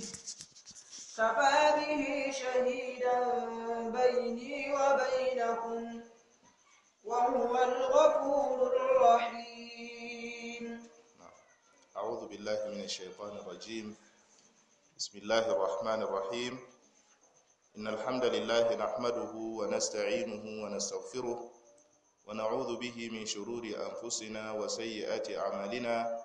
كفى به شهيدا بيني وبينكم وهو الغفور الرحيم أعوذ بالله من الشيطان الرجيم بسم الله الرحمن الرحيم إن الحمد لله نحمده ونستعينه ونستغفره ونعوذ به من شرور أنفسنا وسيئات أعمالنا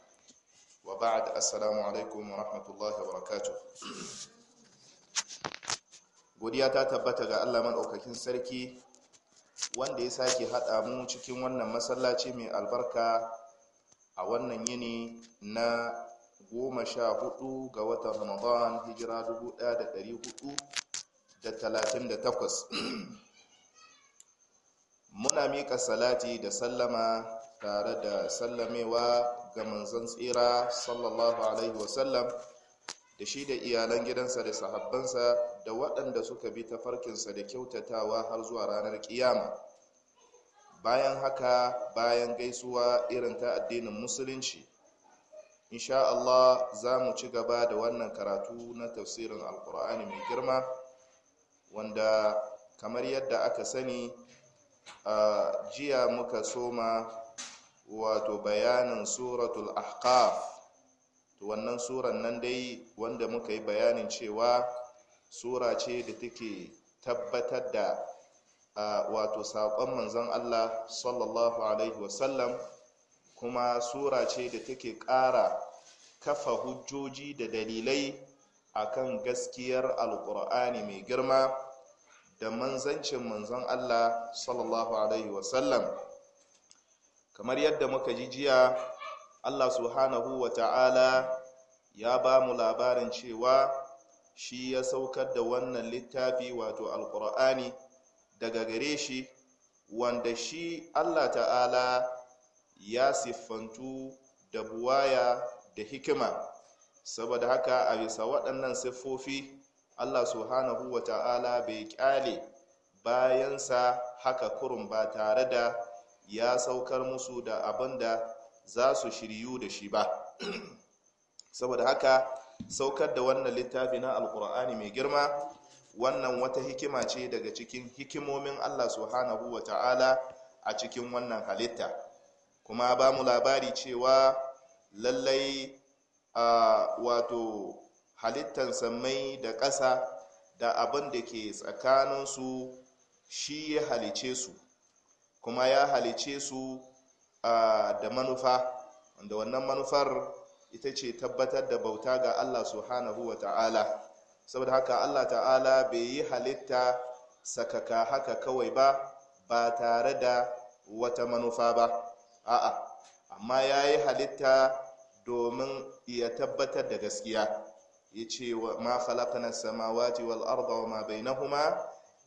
wa ba'd assalamu alaikum wa rahmatullahi wa barakatuh godiya ta tabbata ga Allah madaukakin sarki wanda ya sake hada mu cikin wannan masallaci mai albarka a wannan yini na goma sha hudu ga watan ramadan hijira dubu da talatin da takwas muna mika salati da sallama tare da sallamewa ga manzon tsira sallallahu alaihi wasallam da shi da iyalan gidansa da sahabbansa da waɗanda suka bi ta farkinsa da kyautatawa har zuwa ranar kiyama bayan haka bayan gaisuwa irin ta addinin musulunci insha Allah za mu ci gaba da wannan karatu na tafsirin alkur'ani mai girma wanda kamar yadda aka sani jiya muka soma wato bayanin suratul ahqaf to wannan suran nan dai wanda muka yi bayanin cewa sura ce da take tabbatar da wato saƙon manzon Allah sallallahu alaihi wasallam kuma sura ce da take ƙara kafa hujjoji da dalilai akan gaskiyar alƙur'ani mai girma da manzancin manzon Allah sallallahu alaihi wasallam kamar yadda muka ji jiya allah subhanahu wa ta'ala ya ba mu labarin cewa shi ya saukar da wannan littafi wato alkur'ani daga gare shi wanda shi allah ta'ala ya siffantu da buwaya da hikima saboda haka a bisa waɗannan siffofi allah subhanahu wa ta'ala bai kyale bayansa haka kurun ba tare da ya saukar musu da abin da za su shiryu da shi ba saboda haka saukar da wannan littafi na alkur'ani mai girma wannan wata hikima ce daga cikin hikimomin allah subhanahu wa ta'ala a cikin wannan halitta kuma ba mu labari cewa lallai a wato halittan sammai da ƙasa da abin da ke tsakaninsu shi ya halice su kuma ya halice su da manufa wanda wannan manufar ita ce tabbatar da bauta ga Allah subhanahu wa ta'ala saboda haka Allah ta'ala bai yi halitta sakaka haka kawai ba ba tare da wata manufa ba a'a amma ya yi halitta domin ya tabbatar da gaskiya ya ce ma khalaqna samawati wal arda wa ma bainahuma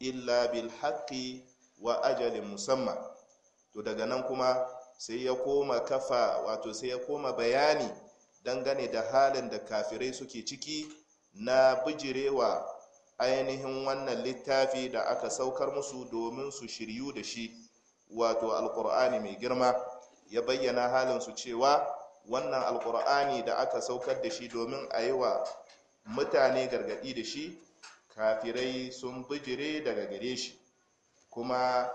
illa bil haqqi wa ajalin musamma to daga nan kuma sai ya koma kafa wato sai ya koma bayani dangane da halin da kafirai suke ciki na bijirewa ainihin wannan littafi da aka saukar musu domin su shiryu da shi wato alkur'ani mai girma ya bayyana halin su cewa wannan alkur'ani da aka saukar da shi domin a yi wa mutane gargaɗi da shi kafirai sun bijire daga gare shi kuma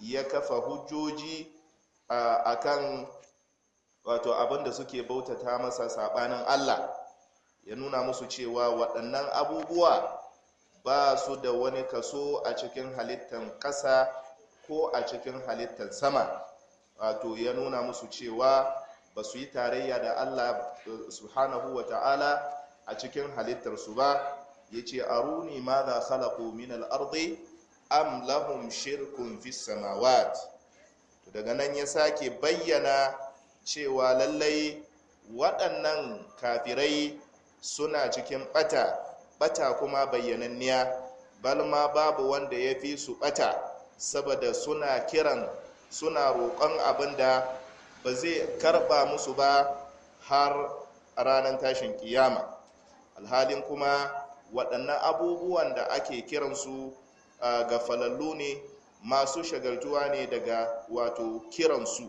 ya kafa hujjoji a kan wato abinda suke bautata masa sabanin Allah ya nuna musu cewa waɗannan abubuwa ba su da wani kaso a cikin halittar ƙasa ko a cikin halittar sama wato ya nuna musu cewa ba su yi tarayya da Allah eh, subhanahu wa ta'ala a cikin halittarsu ba ya ce aruni ma za khalaku min al'ardi am lahum shirkun fi samawat to daga nan ya sake bayyana cewa lallai waɗannan kafirai suna cikin ɓata ɓata kuma bayyananniya balma babu wanda ya fi su ɓata saboda suna kiran suna roƙon abinda da ba zai karɓa musu ba har ranar tashin kiyama alhalin kuma waɗannan abubuwan da ake kiransu ga falallu ne masu shagaltuwa ne daga wato kiransu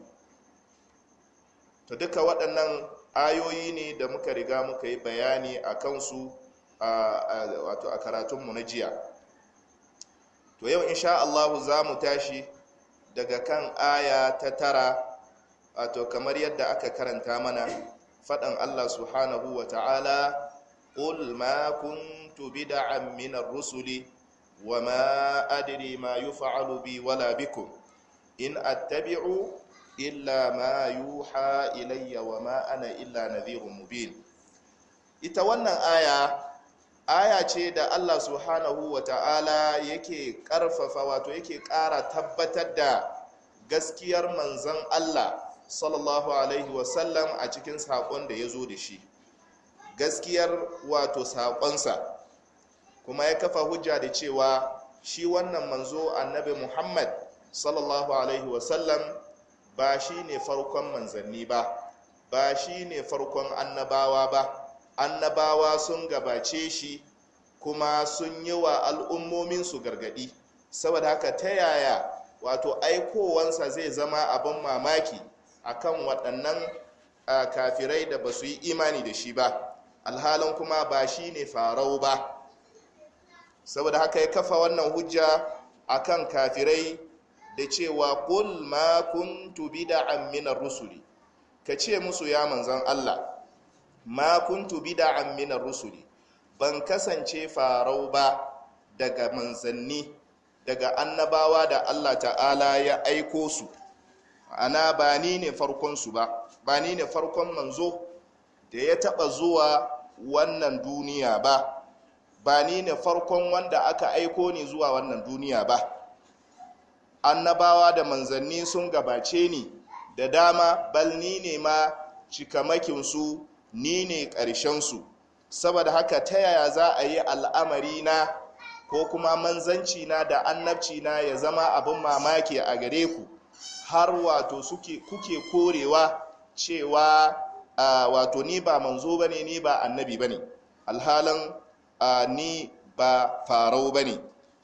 Ta duka waɗannan ayoyi ne da muka riga muka yi bayani a kansu wato a karatunmu na jiya to yau insha Allahu za mu tashi daga kan aya ta tara wato kamar yadda aka karanta mana faɗan Allah subhanahu wa ta'ala ƙul ma kuntu bida'an minar rusuli وما أدري ما يفعل بي ولا بكم إن أتبع إلا ما يوحى إلي وما أنا إلا نذير مبين ita wannan aya aya ce da Allah subhanahu wa ta'ala yake ƙarfafa wato yake ƙara tabbatar da gaskiyar manzan Allah sallallahu alaihi wasallam a cikin saƙon da ya zo da shi gaskiyar wato saƙonsa kuma ya kafa hujja da cewa shi wannan manzo annabi muhammad sallallahu alaihi wasallam ba shi ne farkon manzanni ba ba shi ne farkon annabawa ba annabawa sun gabace shi kuma sun yi wa al'ummominsu gargadi saboda haka ta yaya wato aikowansa zai zama abin mamaki akan waɗannan kafirai da ba su yi imani da shi ba alhalin kuma ba shi ne farau ba saboda haka ya kafa wannan hujja akan kafirai da cewa kul ma kuntu bid'an min rusuli ka ce musu ya manzan Allah ma kuntu bid'an min rusuli ban kasance farau ba daga manzanni daga annabawa da Allah ta'ala ya aiko su ana ba ni ne farkon su ba ba ni ne farkon manzo da ya taba zuwa wannan duniya ba ba ni ne farkon wanda aka aiko ni zuwa wannan duniya ba annabawa da manzanni sun gabace ni da dama bal ni ne ma cikamakinsu ni ne ƙarshensu saboda haka ta yaya za a yi al'amari na ko kuma manzanci na da annabci na ya zama abin mamaki a gare ku har wato suke kuke korewa cewa ah, wato ni ba manzo bane ni ba annabi bane alhalan ni ba farau ba ne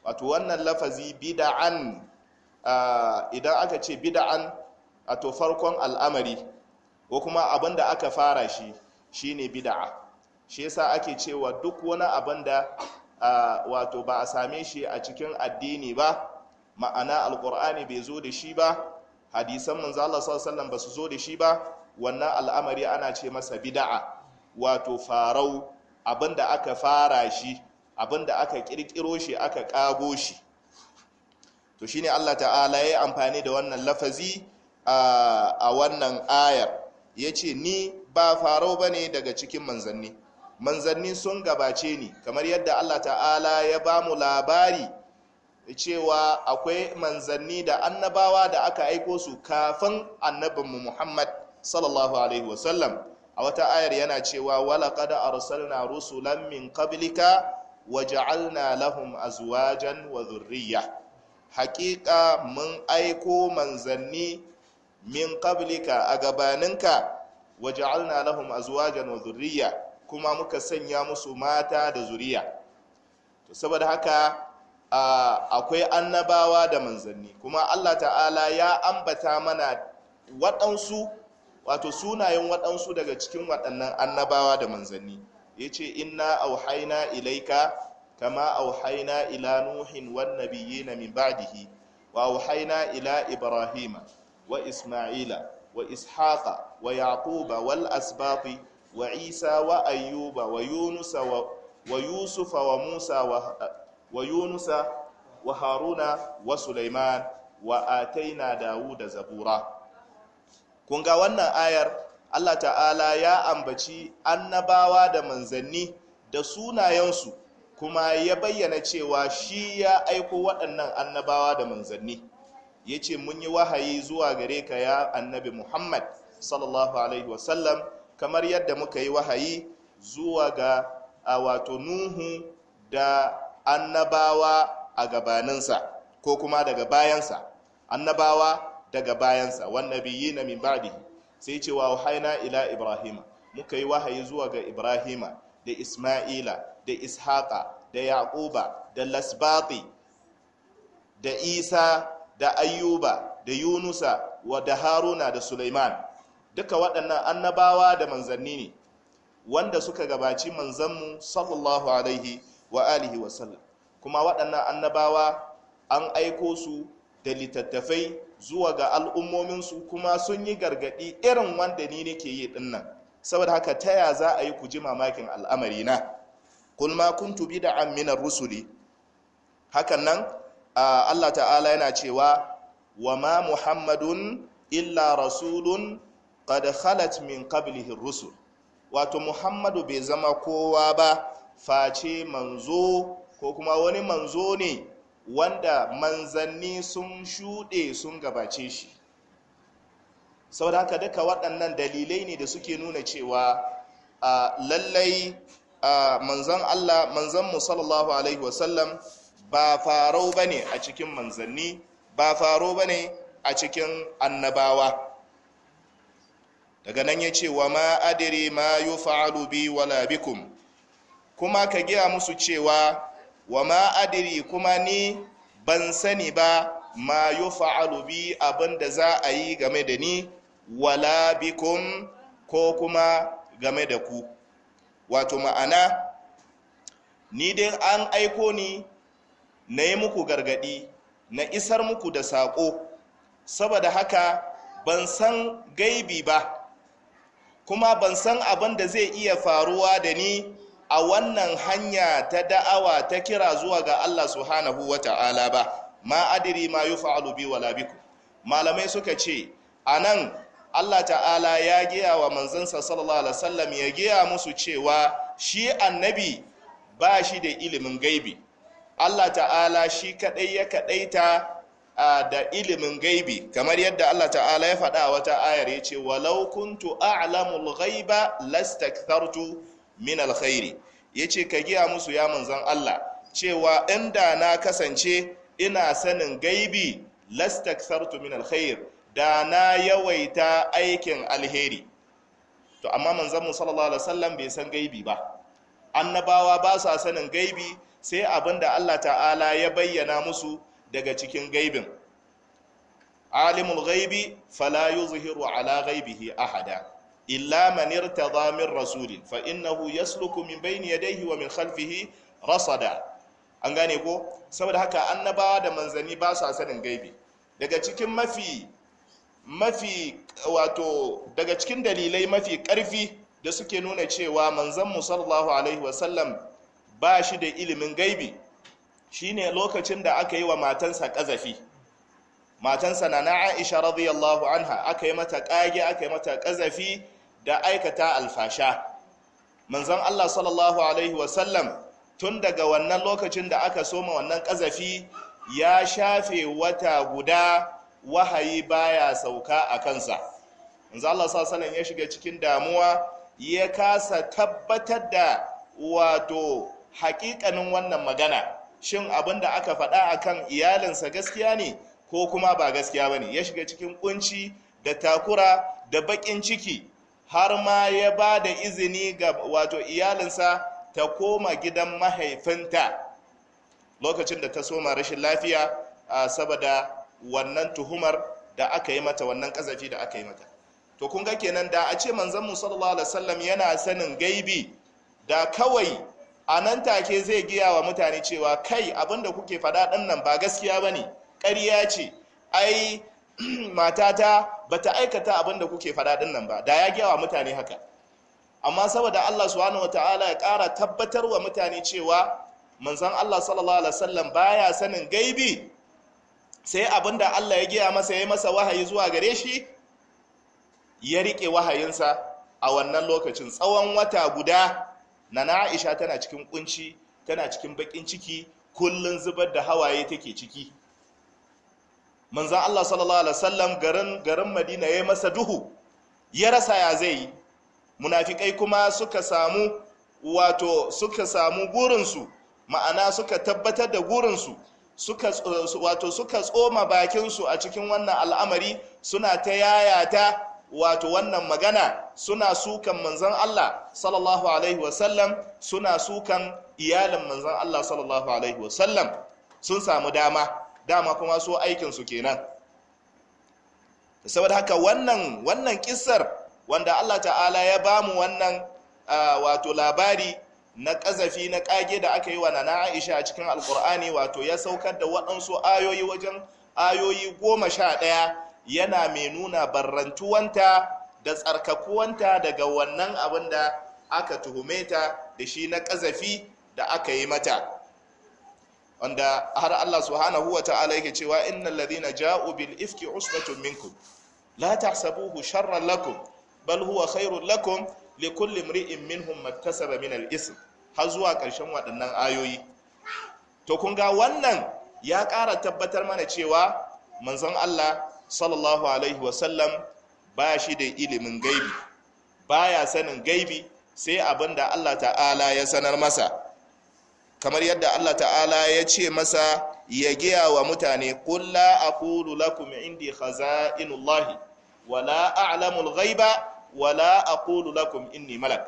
wato wannan lafazi bida'an idan aka ce bida'an a to farkon al'amari ko kuma abin da aka fara shi shi ne bida'a shi yasa ake cewa duk wani abin da wato ba a same shi a cikin addini ba ma'ana alkur'ani bai zo da shi ba hadisan manzo Allah sallallahu ba su zo da shi ba wannan al'amari ana ce masa bida'a wato farau abin da aka fara shi abin aka kirkiro shi aka kago shi to shine Allah ta'ala ya yi amfani da wannan lafazi a wannan ayar yace ni ba farau bane daga cikin manzanni manzanni sun gabace ni kamar yadda Allah ta'ala ya bamu labari cewa akwai manzanni da annabawa da aka aiko su kafin annabinmu Muhammad sallallahu alaihi wasallam a wata ayar yana cewa walaqad arsalna rusulan min qablika waja'alna lahum azwajan wa dhurriyya haƙiƙa mun aiko manzanni min qablika a gabaninka waja'alna lahum azwajan wa dhurriyya kuma muka sanya musu mata da zuriya saboda haka akwai annabawa da manzanni kuma Allah ta'ala ya ambata mana waɗansu wato sunayen waɗansu daga cikin waɗannan annabawa da manzanni ya ce inna auhaina ilaika kama auhaina ila nuhin wan nabiyina min ba'dihi wa auhaina ila ibrahima wa isma'ila wa ishaqa wa yaquba wal asbati wa isa wa ayyuba wa yunusa wa, wa yusufa wa musa wa, wa yunusa wa haruna wa sulaiman wa ataina dawuda zabura kun ga wannan ayar Allah ta'ala ya ambaci annabawa da manzanni da sunayensu kuma ya bayyana cewa shi ya aiko waɗannan annabawa da manzanni ya ce mun yi wahayi zuwa gare ka ya annabi muhammad sallallahu alaihi wasallam kamar yadda muka yi wahayi zuwa ga wato nuhu da annabawa a gabaninsa ko kuma daga bayansa annabawa daga bayansa wan na min ba'dihi sai ce wa haina ila ibrahima muka yi wahayi zuwa ga ibrahima da isma'ila da ishaƙa da yaƙuba da lasbati da isa da ayyuba da yunusa wa da haruna da sulaiman duka waɗannan annabawa da manzanni ne wanda suka gabaci manzanmu sallallahu alaihi wa alihi wasallam kuma waɗannan annabawa an aiko su da littattafai zuwa ga al'ummominsu kuma sun yi gargaɗi irin wanda ni nake yi dinnan saboda haka taya za a yi ku ji mamakin al'amari na kul ma kuntu bid'an min rusuli hakan nan Allah ta'ala yana cewa wa ma muhammadun illa rasulun kada khalat min qablihi rusul wato muhammadu bai zama kowa ba face manzo ko kuma wani manzo ne wanda manzanni sun shuɗe sun gabace shi Sau da haka duka waɗannan dalilai ne da suke nuna cewa lallai manzan Allah manzan musallallahu alaihi wasallam ba farau ne a cikin manzanni ba faro ne a cikin annabawa daga nan ya ce wa ma adiri ma yi fa’alubi wala bikum kuma ka giya musu cewa wa ma adiri kuma ni ban sani ba ma fa'alubi bi abinda za a yi game da ni wala bikum ko kuma game da ku wato ma'ana ni dai an aiko ni na yi muku gargadi na isar muku da saƙo saboda haka ban san gaibi ba kuma ban san abin da zai iya faruwa da ni a wannan hanya ta da'awa ta kira zuwa ga Allah subhanahu wa ta'ala ba ma adiri ma fa’alu bi wa labiku malamai suka ce a nan, Allah ta'ala ya giya wa manzansa sallallahu alaihi wasallam ya giya musu cewa shi annabi ba shi da ilimin gaibi Allah ta'ala shi kaɗai ya ta da ilimin gaibi kamar yadda Allah ta'ala ya faɗa wata ayar ya ce walau kuntu a'lamul ghaiba lastakthartu min alkhairi yace ka giya musu ya manzon Allah cewa inda na kasance ina sanin gaibi lastakthartu min alkhair da na yawaita aikin alheri to amma manzon mu sallallahu alaihi wasallam bai san gaibi ba annabawa ba sa sanin gaibi sai abinda Allah ta'ala ya bayyana musu daga cikin gaibin alimul gaibi, fala yuzhiru ala ghaibihi ahada illa man irtada min rasulin fa innahu yasluku min bayni yadayhi wa min khalfihi rasada an gane ko saboda haka annabawa da manzanni ba su sanin gaibi daga cikin mafi mafi wato daga cikin dalilai mafi karfi da suke nuna cewa manzan mu sallallahu alaihi wasallam ba shi da ilimin gaibi shine lokacin da aka yi wa matansa kazafi matansa na aisha radiyallahu anha aka yi mata ƙage aka yi mata kazafi da aikata alfasha manzon Allah sallallahu alaihi wasallam tun daga wannan lokacin da aka soma wannan kazafi ya shafe wata guda wahayi baya sauka a kansa manzon Allah sallallahu ya shiga cikin damuwa ya kasa tabbatar da wato hakikanin wannan magana shin abin da aka faɗa akan iyalinsa gaskiya ne ko kuma ba gaskiya bane ya shiga cikin kunci da takura da bakin ciki har ma ya ba da izini ga wato iyalinsa ta koma gidan mahaifinta lokacin da ta soma rashin lafiya saboda wannan tuhumar da aka yi mata wannan kazafi da aka yi mata to kun ga kenan da a ce manzon sallallahu alaihi wasallam yana sanin gaibi da kawai a nan take zai giya wa mutane cewa kai abinda kuke faɗa nan ba gaskiya bane ƙarya ce ai matata ba ta aikata abinda kuke faɗa nan ba da ya gaya wa mutane haka amma saboda Allah subhanahu wataala ya ƙara tabbatar wa mutane cewa manzon Allah sallallahu alaihi wasallam baya sanin gaibi sai abinda Allah ya gaya masa ya masa wahayi zuwa gare shi ya riƙe wahayinsa a wannan lokacin tsawon wata guda na Aisha tana cikin kunci tana cikin baƙin ciki kullun zubar da hawaye take ciki manzan Allah sallallahu alaihi wasallam garin garin Madina ya masa duhu ya rasa ya zai munafikai kuma suka samu wato suka samu gurinsu ma'ana suka tabbatar da gurinsu suka wato suka tsoma bakinsu a cikin wannan al'amari suna ta yayata wato wannan magana suna sukan manzan Allah sallallahu alaihi wasallam suna sukan iyalin manzan Allah sallallahu alaihi wasallam sun samu dama dama kuma so su kenan saboda haka wannan wannan kissar wanda Allah ta'ala ya bamu wannan wato labari na kazafi na kage da aka yi wa nana aisha a cikin alkur'ani wato ya saukar da waɗansu ayoyi wajen ayoyi goma sha ɗaya yana mai nuna barrantuwanta da tsarkakuwanta daga wannan abin da aka tuhume ta da shi na kazafi da aka yi mata wanda har Allah subhanahu wa ta'ala yake cewa innal ladhina ja'u bil ifki usbatun minkum la tahsabuhu sharran lakum bal huwa khairun lakum likulli imri'in minhum maktasaba min al ism har zuwa ƙarshen waɗannan ayoyi to kun ga wannan ya ƙara tabbatar mana cewa manzon Allah sallallahu alaihi sallam ba shi da ilimin gaibi baya sanin gaibi sai abin da Allah ta'ala ya sanar masa kamar yadda Allah ta'ala ya ce masa ya giya wa mutane kulla aqulu lakum indi khaza'inullahi wala a'lamul ghaiba wala aqulu lakum inni malak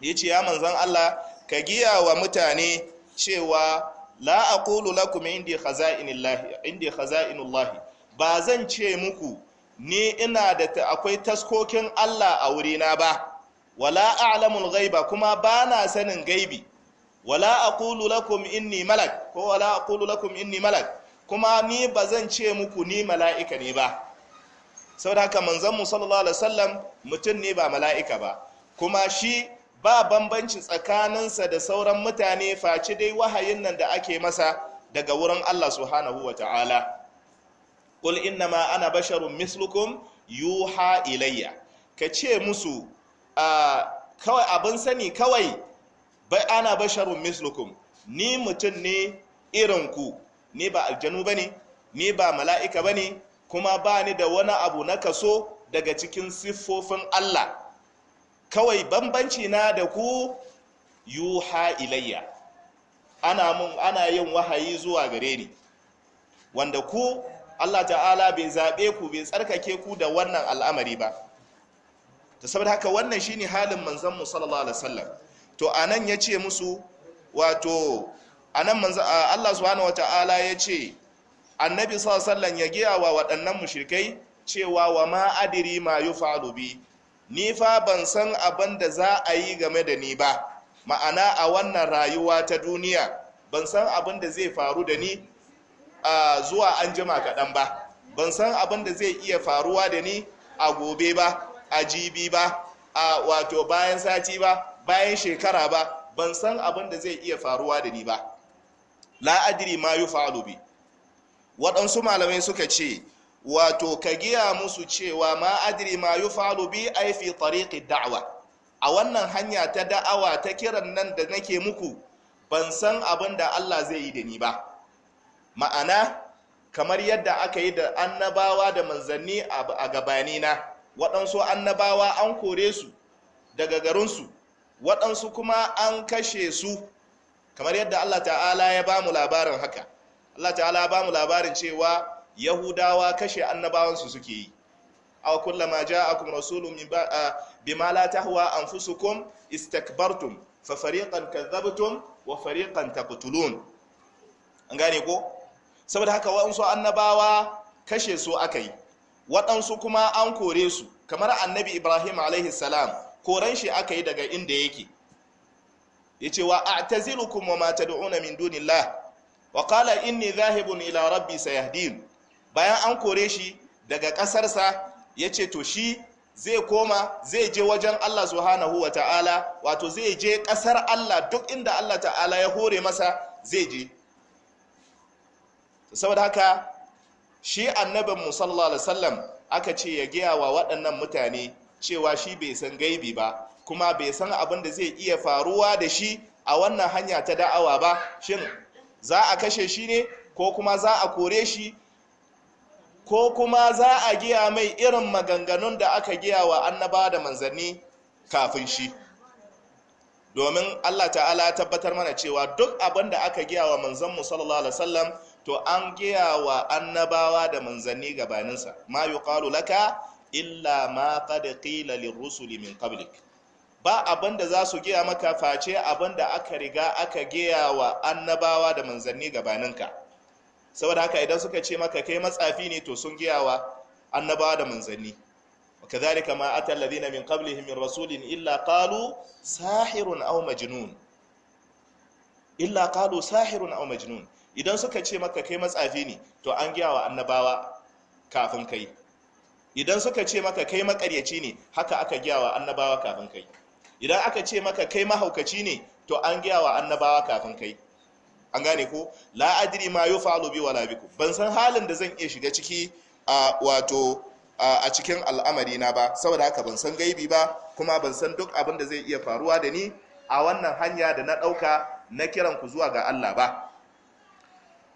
yace ya manzon Allah ka giya wa mutane cewa la aqulu lakum indi khaza'inillahi indi khaza'inullahi ba zan ce muku ni ina da akwai taskokin Allah a wurina ba wala a'lamul ghaiba kuma ba na sanin gaibi wala aqulu lakum inni malak ko wala aqulu lakum inni malak kuma ni bazan ce muku ni mala'ika ne ba saboda haka manzon mu sallallahu alaihi wasallam mutum ne ba mala'ika ba kuma shi ba bambanci tsakaninsa da sauran mutane faci dai wahayin nan da ake masa daga wurin Allah subhanahu wa ta'ala qul innama ana basharun mislukum yuha ilayya ka ce musu ah, kawai abin sani kawai bai ana basharun mislukum ni mutum ne irin ku ni ba aljanu bane ni ba mala'ika bane kuma ba ni da wani abu na kaso daga cikin siffofin Allah kawai bambanci na da ku yuha ilayya ana mun ana yin wahayi zuwa gare ni wanda ku Allah ta'ala bai zaɓe ku bai tsarkake ku da wannan al'amari ba ta saboda haka wannan shine halin manzon sallallahu alaihi wasallam to anan ya ce musu wato Allah subhanahu wataala ya ce annabi sallallahu ya giya wa waɗannan mushrikai cewa wa ma adiri ma yufalu bi ni fa ban san abin da za a yi game da ni ba ma'ana a wannan rayuwa ta duniya ban san abin da zai faru da ni zuwa an jima kaɗan ba ban san abin da zai iya faruwa da ni a gobe ba a jibi ba a wato bayan sati ba bayan shekara ba ban san abin da zai iya faruwa da ni ba la adri ma yufalu bi waɗansu malamai suka ce wato ka giya musu cewa ma adri ma yufalu bi ai fi tariqi da'wa a wannan hanya ta da'awa ta kiran nan da nake muku ban san abin da Allah zai yi da ni ba ma'ana kamar yadda aka yi da annabawa da manzanni a gabanina waɗansu annabawa an kore su daga garinsu waɗansu kuma an kashe su kamar yadda Allah ta'ala ya ba mu labarin haka Allah ta'ala ba mu labarin cewa yahudawa kashe annabawansu suke yi aw kullama ja'akum rasulun ah, bima la tahwa anfusukum istakbartum fa fariqan kadhabtum wa fariqan taqtulun an gane ko saboda haka waɗansu annabawa kashe su aka yi waɗansu kuma an kore su kamar annabi ibrahim alaihi salam koran shi aka yi daga inda yake Ya yace wa a'tazirukum wa ma una min dunillah wa in inni zahibun ila rabbi sayahdin bayan an kore shi daga kasarsa yace to shi zai koma zai je wajen Allah subhanahu wa ta'ala wato zai je ƙasar Allah duk inda Allah ta'ala ya hore masa zai je saboda haka shi annabin musallallahu alaihi aka ce ya giya wa waɗannan mutane cewa shi bai san gaibi ba kuma bai san abin da zai iya faruwa da shi a wannan hanya ta da'awa ba shin za a kashe shi ne ko kuma za a kore shi ko kuma za a giya mai irin maganganun da aka giya wa annaba da manzanni kafin shi domin Allah ta'ala ya tabbatar mana cewa duk abin da aka giya wa manzanmu sallallahu alaihi wasallam to an giya wa annabawa da manzanni gabaninsa ma yuqalu laka illa ma qad qila lirrusuli min qablik ba da za su giya maka face da aka riga aka giya wa annabawa da manzanni gabaninka saboda haka idan suka ce maka kai matsafi ne to sun giya wa annabawa da manzanni وكذلك ما أتى الذين من قبلهم من رسول إلا قالوا ساحر أو مجنون إلا قالوا ساحر أو مجنون idan suka ce maka kai matsafi ne to an giya wa annabawa kafin kai idan suka ce maka kai makaryaci ne haka aka gyawa annabawa kafin kai idan aka ce maka kai mahaukaci ne to an gyawa annabawa kafin kai an gane ko la adri ma yufalu bi wala biku ban san halin da zan iya shiga ciki a wato a cikin al'amari na ba saboda haka ban san gaibi ba kuma ban san duk abin da zai iya faruwa da ni a wannan hanya da na ɗauka na kiran ku zuwa ga Allah ba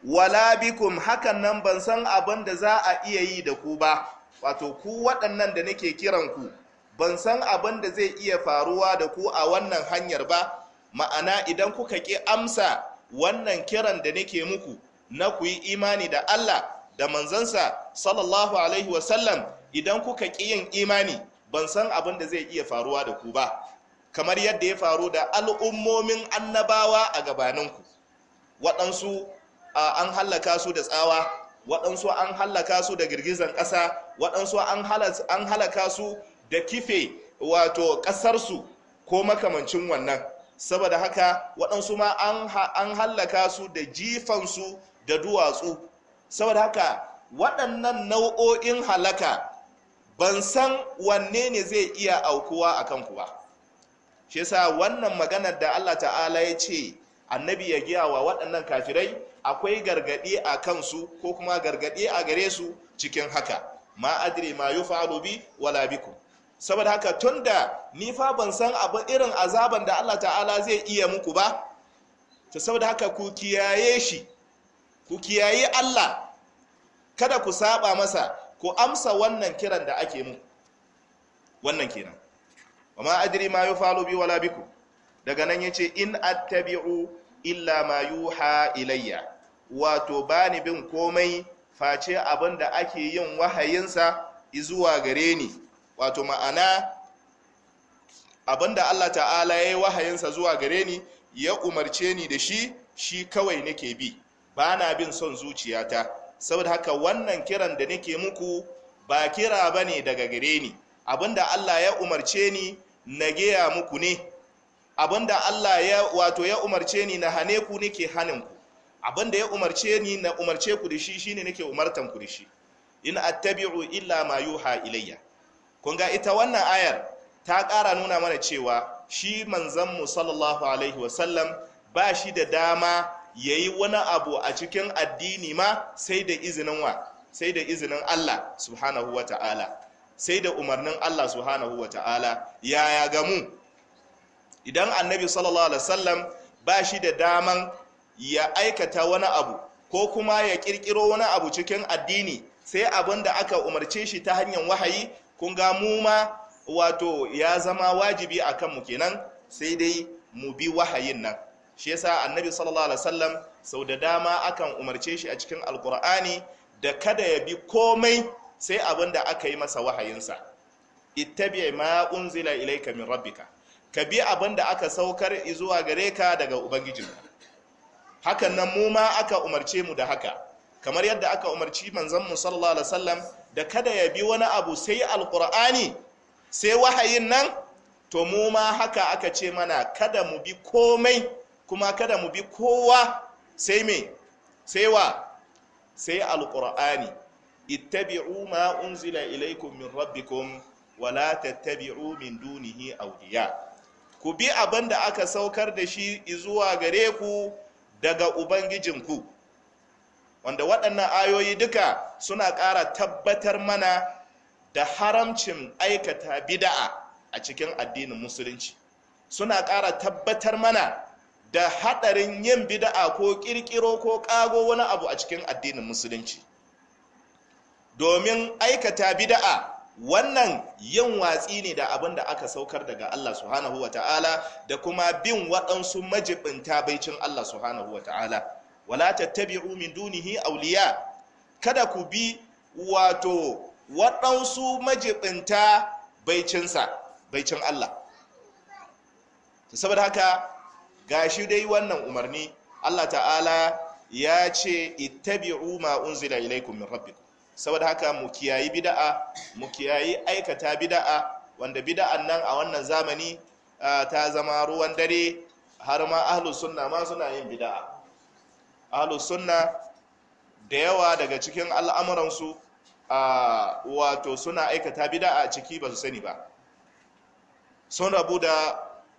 wala bikum hakan nan ban san abin da za a iya yi da ku ba wato ku waɗannan da nake kiran ku ban san abin da zai iya faruwa da ku a wannan hanyar ba ma'ana idan kuka ƙi amsa wannan kiran da nake muku na ku yi imani da Allah da manzansa sallallahu alaihi wasallam idan kuka ƙi yin imani ban san abin da zai iya faruwa da ku ba kamar yadda ya faru da al'ummomin annabawa a gabaninku waɗansu an hallaka su da tsawa waɗansu an halaka su da girgizan ƙasa waɗansu an halaka su da kife wato ƙasarsu ko makamancin wannan saboda haka waɗansu ma an halaka su da jifansu da duwatsu saboda haka waɗannan nau'o'in halaka ban san wanne ne zai iya aukuwa a kanku ba shi yasa wannan maganar da allah ta'ala ya ce annabi ya giya wa waɗannan kafirai akwai gargaɗi a kansu ko kuma gargaɗi a gare su cikin haka ma adri ma yufalu bi wala biku. saboda haka tun ni fa ban san abu irin azaban da Allah ta'ala zai iya muku ba Ta saboda haka ku kiyaye shi ku kiyaye Allah kada ku saba masa ku amsa wannan kiran da ake mu wannan kenan wa ma adri ma yufalu bi wala biku. daga nan yace in attabi'u illa ma yuha ilayya wato bani bin komai face abin da ake yin wahayinsa zuwa gare ni wato ma'ana abin Allah ta'ala ya yi wahayinsa zuwa gare ni ya umarce ni da shi shi kawai nake bi ba na bin son zuciyata saboda haka wannan kiran da nake muku ba kira bane daga gare ni abin da Allah ya umarce ni na gaya muku ne abinda Allah ya wato ya umarce ni na hane ku nake hanin ku abinda ya umarce ni na umarce ku da shi shine nake umartan ku da shi in attabi'u illa ma yuha ilayya kun ga ita wannan ayar ta ƙara nuna mana cewa shi manzon mu sallallahu alaihi wa sallam ba shi da dama yayi wani abu a cikin addini ma sai da izinin wa sai da izinin Allah subhanahu wa ta'ala. sai da umarnin Allah subhanahu wa ta'ala yaya ga mu idan annabi sallallahu alaihi wasallam ba shi da daman ya aikata wani abu ko kuma ya kirkiro wani abu cikin addini sai abin da aka umarce shi ta hanyar wahayi kun ga mu ma wato ya zama wajibi a kanmu kenan sai dai mu bi wahayin nan shi yasa annabi sallallahu alaihi wasallam sau da dama akan umarce shi a cikin alkur'ani da kada ya bi komai sai abin da aka yi masa wahayinsa ittabi ma unzila ilayka min rabbika ka bi abin da aka saukar zuwa gare ka daga ubangijin. hakan nan mu ma aka umarce mu da haka kamar yadda aka umarci manzon mu sallallahu alaihi wasallam da kada ya bi wani abu sai alqur'ani sai wahayin nan to mu ma haka aka ce mana kada mu bi komai kuma kada mu bi kowa sai me sai wa sai alqur'ani ittabi'u ma unzila ilaykum min rabbikum Wala tattabi'u min dunihi awliya ku bi abin da aka saukar da shi zuwa gare ku daga ubangijinku wanda waɗannan ayoyi duka suna ƙara tabbatar mana da haramcin aikata bida'a a cikin addinin musulunci suna ƙara tabbatar mana da haɗarin yin bida'a ko ƙirƙiro ko ƙago wani abu a cikin addinin musulunci domin aikata bida'a wannan yin watsi ne da abin da aka saukar daga Allah subhanahu wa ta'ala da kuma bin waɗansu majibinta baicin Allah subhanahu wa ta'ala wala tattabi'u min dunihi awliya kada ku bi wato waɗansu majibinta baicinsa baicin Allah saboda haka ga shi dai wannan umarni Allah ta'ala ya ce ittabi'u ma unzila ilaykum min rabbikum saboda haka mu kiyayi bida'a mu kiyayi aikata bida'a wanda bida'an nan a wannan zamani ta zama ruwan dare har ma ahlus sunna ma suna yin bida'a ahlus sunna da yawa daga cikin al'amuransu wato suna aikata bida'a ciki ba su sani ba sun rabu da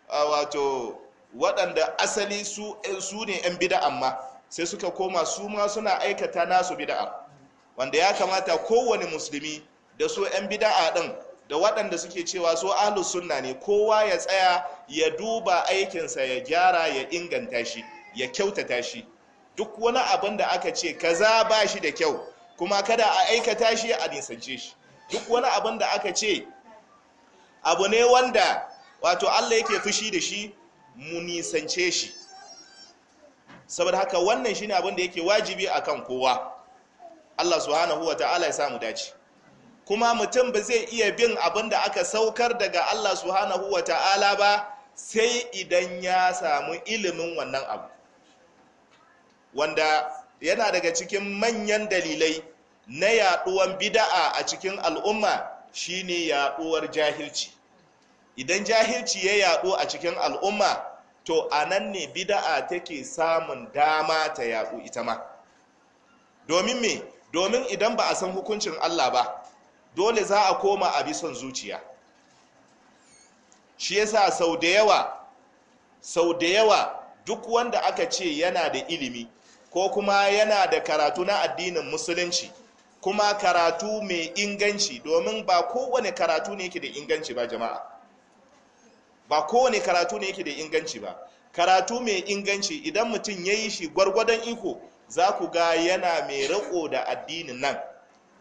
wato waɗanda asali su ne 'yan bida'an ma sai suka koma su ma suna aikata nasu bida'ar wanda ya kamata kowane musulmi da su 'yan bida'a ɗin da waɗanda suke cewa su ahlu sunna ne kowa ya tsaya ya duba aikinsa ya gyara ya inganta shi ya kyautata shi duk wani abin da aka ce kaza ba shi da kyau kuma kada a aikata shi a nisance shi duk wani abin da aka ce abu ne wanda wato allah yake fushi da shi mu nisance shi saboda haka wannan shine abin da yake wajibi akan kowa Allah subhanahu wa ta'ala ya samu dace kuma mutum ba zai iya bin abin da aka saukar daga Allah subhanahu wa ta'ala ba sai idan ya samu ilimin wannan abu wanda yana daga cikin manyan dalilai na yaɗuwar bida'a a cikin al'umma shine yaduwar jahilci idan jahilci ya yaɗu a cikin al'umma to anan ne bida'a take samun dama ta yaɗu ita ma domin me domin idan ba a san hukuncin Allah ba dole za a koma a bisan zuciya shi yasa sau da yawa sau da yawa duk wanda aka ce yana da ilimi ko kuma yana da karatu na addinin musulunci kuma karatu mai inganci domin ba kowane karatu ne yake da inganci ba jama'a ba kowane karatu ne yake da inganci ba karatu mai inganci idan mutum ya yi shi gwargwadon iko za ku ga yana mai riko da addinin nan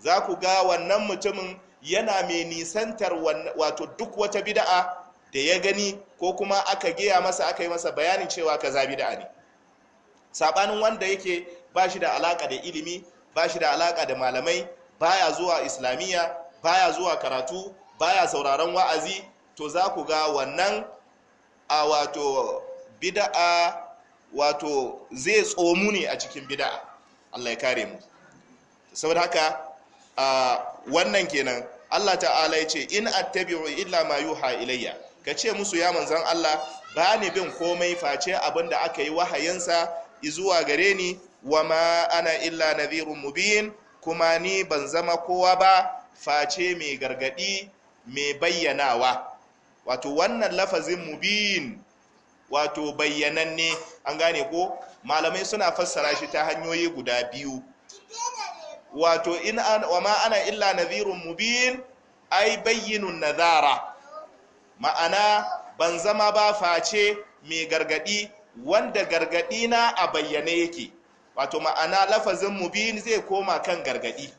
za ku ga wannan mutumin yana mai nisantar wato duk wata bida'a da ya gani ko kuma aka gaya masa aka yi masa bayanin cewa ka za bida'a ne Saɓanin wanda yake ba shi da alaƙa da ilimi ba shi da alaƙa da malamai baya zuwa islamiyya baya zuwa karatu baya sauraron wa'azi to za ku ga wannan a wato bida'a wato zai tsomu ne a cikin bida'a. Allah ya kare mu saboda haka wannan kenan Allah ta'ala ya ce in attabi'u illa ma yuha ilayya ka ce musu ya manzan Allah ba ne bin komai face abin da aka yi wahayinsa zuwa gare ni wa ma ana illa nadhirun mubin kuma ni ban zama kowa ba face mai gargadi mai bayyanawa wato wannan lafazin mubin wato bayyananne an gane ko malamai suna fassara shi ta hanyoyi guda biyu wato in an wa ma ana illa nadhirun mubin ai bayyinun nadhara ma'ana ban zama ba face mai gargadi wanda gargadi na a bayyane yake wato ma'ana lafazin mubin zai koma kan gargadi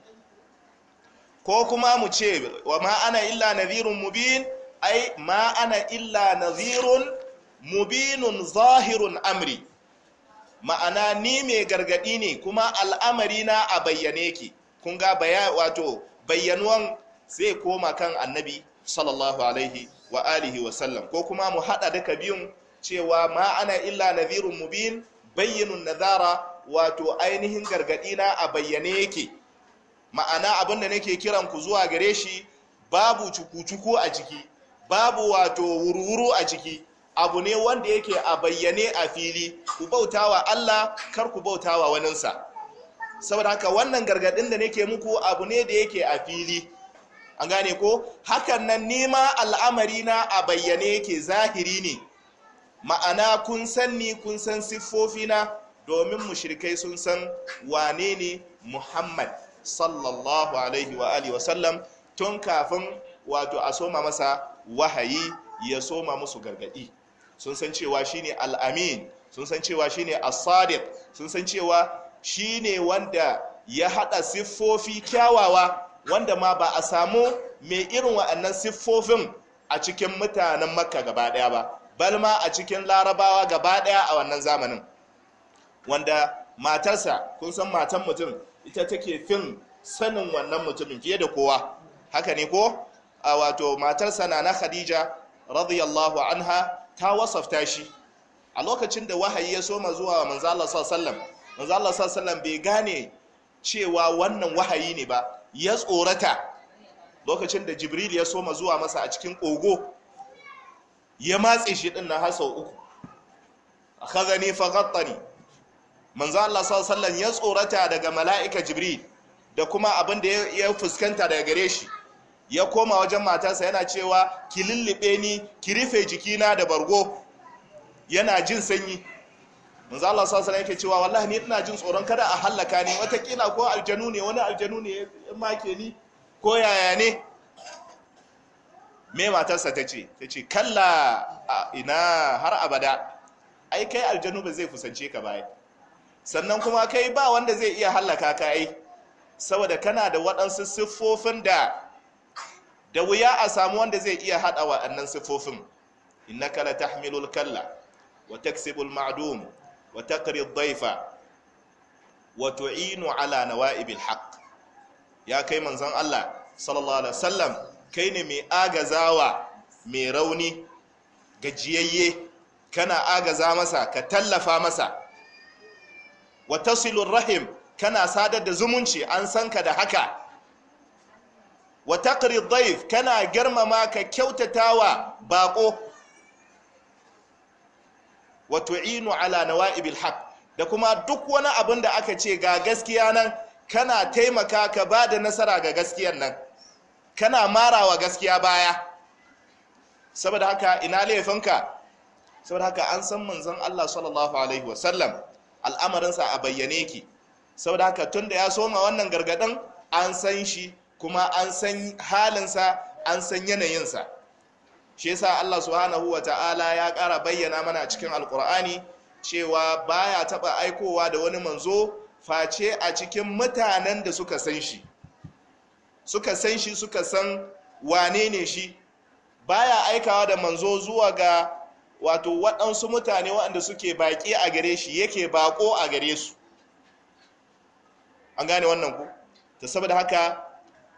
ko kuma mu ce wa ma ana illa nadhirun mubin ai ma ana illa nadhirun mubinun zahirun amri ma'ana ni mai gargadi ne kuma al'amari na a bayyane ki kun ga wato bayyanuwan zai koma kan annabi sallallahu alaihi wa alihi wa ko kuma mu haɗa duka biyun cewa ma'ana illa nadhirun mubin bayyinun nazara wato ainihin gargadi na a bayyane yake ma'ana abin da nake kiran ku zuwa gare shi babu cuku-cuku a jiki babu wato wurwuru a jiki. abu ne wanda yake a bayyane a fili ku bauta wa Allah kar ku bauta wa waninsa saboda haka wannan gargadin da nake muku abu ne da yake a fili an gane ko hakan nan nima al'amari na a bayyane yake zahiri ne ma'ana kun san ni kun san siffofina domin mushrikai sun san wane ne muhammad sallallahu alaihi wa alihi wasallam tun kafin wato a soma masa wahayi ya soma musu gargadi sun san cewa shine al al'amin, sun san cewa shine as-sadiq sun san cewa shine wanda ya hada siffofi kyawawa wanda ma ba a samu mai irin wa'annan siffofin a cikin mutanen makka gaba daya ba Balma a cikin larabawa gaba daya a wannan zamanin wanda matarsa kun san matan mutum ita take fin sanin wannan mutumin fiye da kowa haka ne ko a wato matarsa na na khadija radiyallahu anha ta wasafta shi a lokacin da wahayi ya soma zuwa Manzala Allah sallallahu manzo bai gane cewa wannan wahayi ne ba ya tsorata lokacin da Jibril ya soma zuwa masa a cikin kogo ya matse shi din na hasau uku akhadhani faghattani manzo Manzala sallallahu ya tsorata daga mala'ika Jibril da kuma abin da ya fuskanta daga gare shi ya koma wajen matarsa yana cewa ki lullube ni ki rufe jikina da bargo yana jin sanyi manzo Allah sallallahu alaihi yake cewa wallahi ni ina jin tsoron kada a hallaka ni watakila ko aljanu ne wani aljanu ne ya make ni ko yaya ne me matarsa ta ce ta ce kalla ina har abada ai kai aljanu ba zai kusance ka bai sannan kuma kai ba wanda zai iya hallaka ka ai saboda kana da waɗansu siffofin da da wuya a samu wanda zai iya haɗa waɗannan siffofin innaka la tahmilul kalla wa taksibul ma'dum wa taqri dhaifa wa tu'inu ala nawaibil haqq ya kai manzon Allah sallallahu alaihi wasallam kai ne mai agazawa mai rauni gajiyayye kana agaza masa ka tallafa masa wa tasilur rahim kana sadar da zumunci an sanka da haka wa taqri kana girmama ka kyautatawa baƙo? Wato inu ala nawaibil haqq da kuma duk wani abin da aka ce ga gaskiya nan kana taimaka ka ba da nasara ga gaskiyar nan kana marawa gaskiya baya saboda haka ina laifinka saboda haka an san manzon Allah sallallahu alaihi al'amarin al'amarinsa a bayyane ki saboda haka tunda ya soma wannan gargadin an san shi kuma an san halinsa an san yanayinsa shi yasa Allah subhanahu wa ta'ala ya ƙara bayyana mana cikin alkur'ani cewa baya taɓa aikowa da wani manzo face a cikin mutanen da suka san shi suka san shi suka san wane ne shi baya aikawa da manzo zuwa ga wato waɗansu mutane waɗanda suke baƙi a gare shi yake baƙo a gare su an gane wannan ku ta saboda haka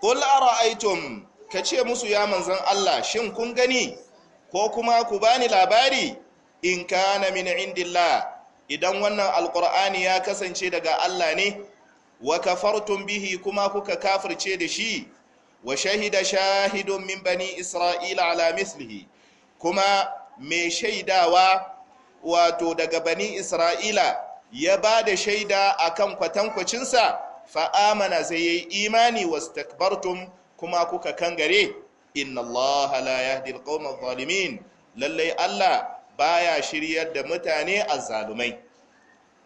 qul ara'aytum ka ce musu ya manzon Allah shin kun gani ko kuma ku bani labari in kana min indillah idan wannan alqur'ani ya kasance daga Allah ne wa kafartum bihi kuma kuka kafirce da shi wa shahida shahidun min bani isra'ila ala mislihi kuma mai shaidawa wato daga bani isra'ila ya ba da shaida akan kwatankwacinsa fa'amana sai sai yayi imani takbartun kuma kuka gare? inna Allah la yahdi alqawma adh-dhalimin lalle Allah baya shiryar da mutane azzalumai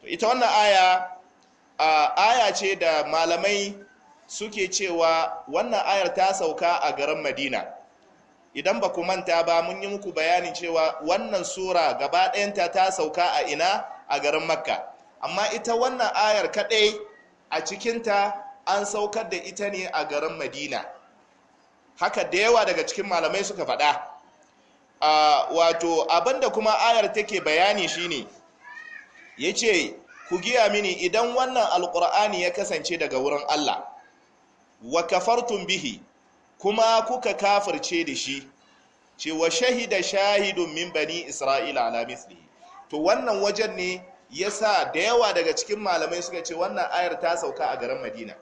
to ita wannan aya aya ce da malamai suke cewa wannan ayar ta sauka a garin Madina idan ba ku manta ba mun yi muku bayanin cewa wannan sura gaba ɗayanta ta sauka a ina a garin Makka amma ita wannan ayar kaɗai a cikinta an saukar da ita ne a garin madina haka da yawa daga cikin malamai suka faɗa wato abinda kuma ayar take bayani shine ya ce ku giya mini idan wannan alkur'ani ya kasance daga wurin allah wa kafartun bihi kuma kuka kafarce da shi cewa shahida shahidun min bani isra'ila ala misli. to wannan wajen ne Ya sa da yawa daga cikin malamai suka ce wannan ayar ta sauka a garin madina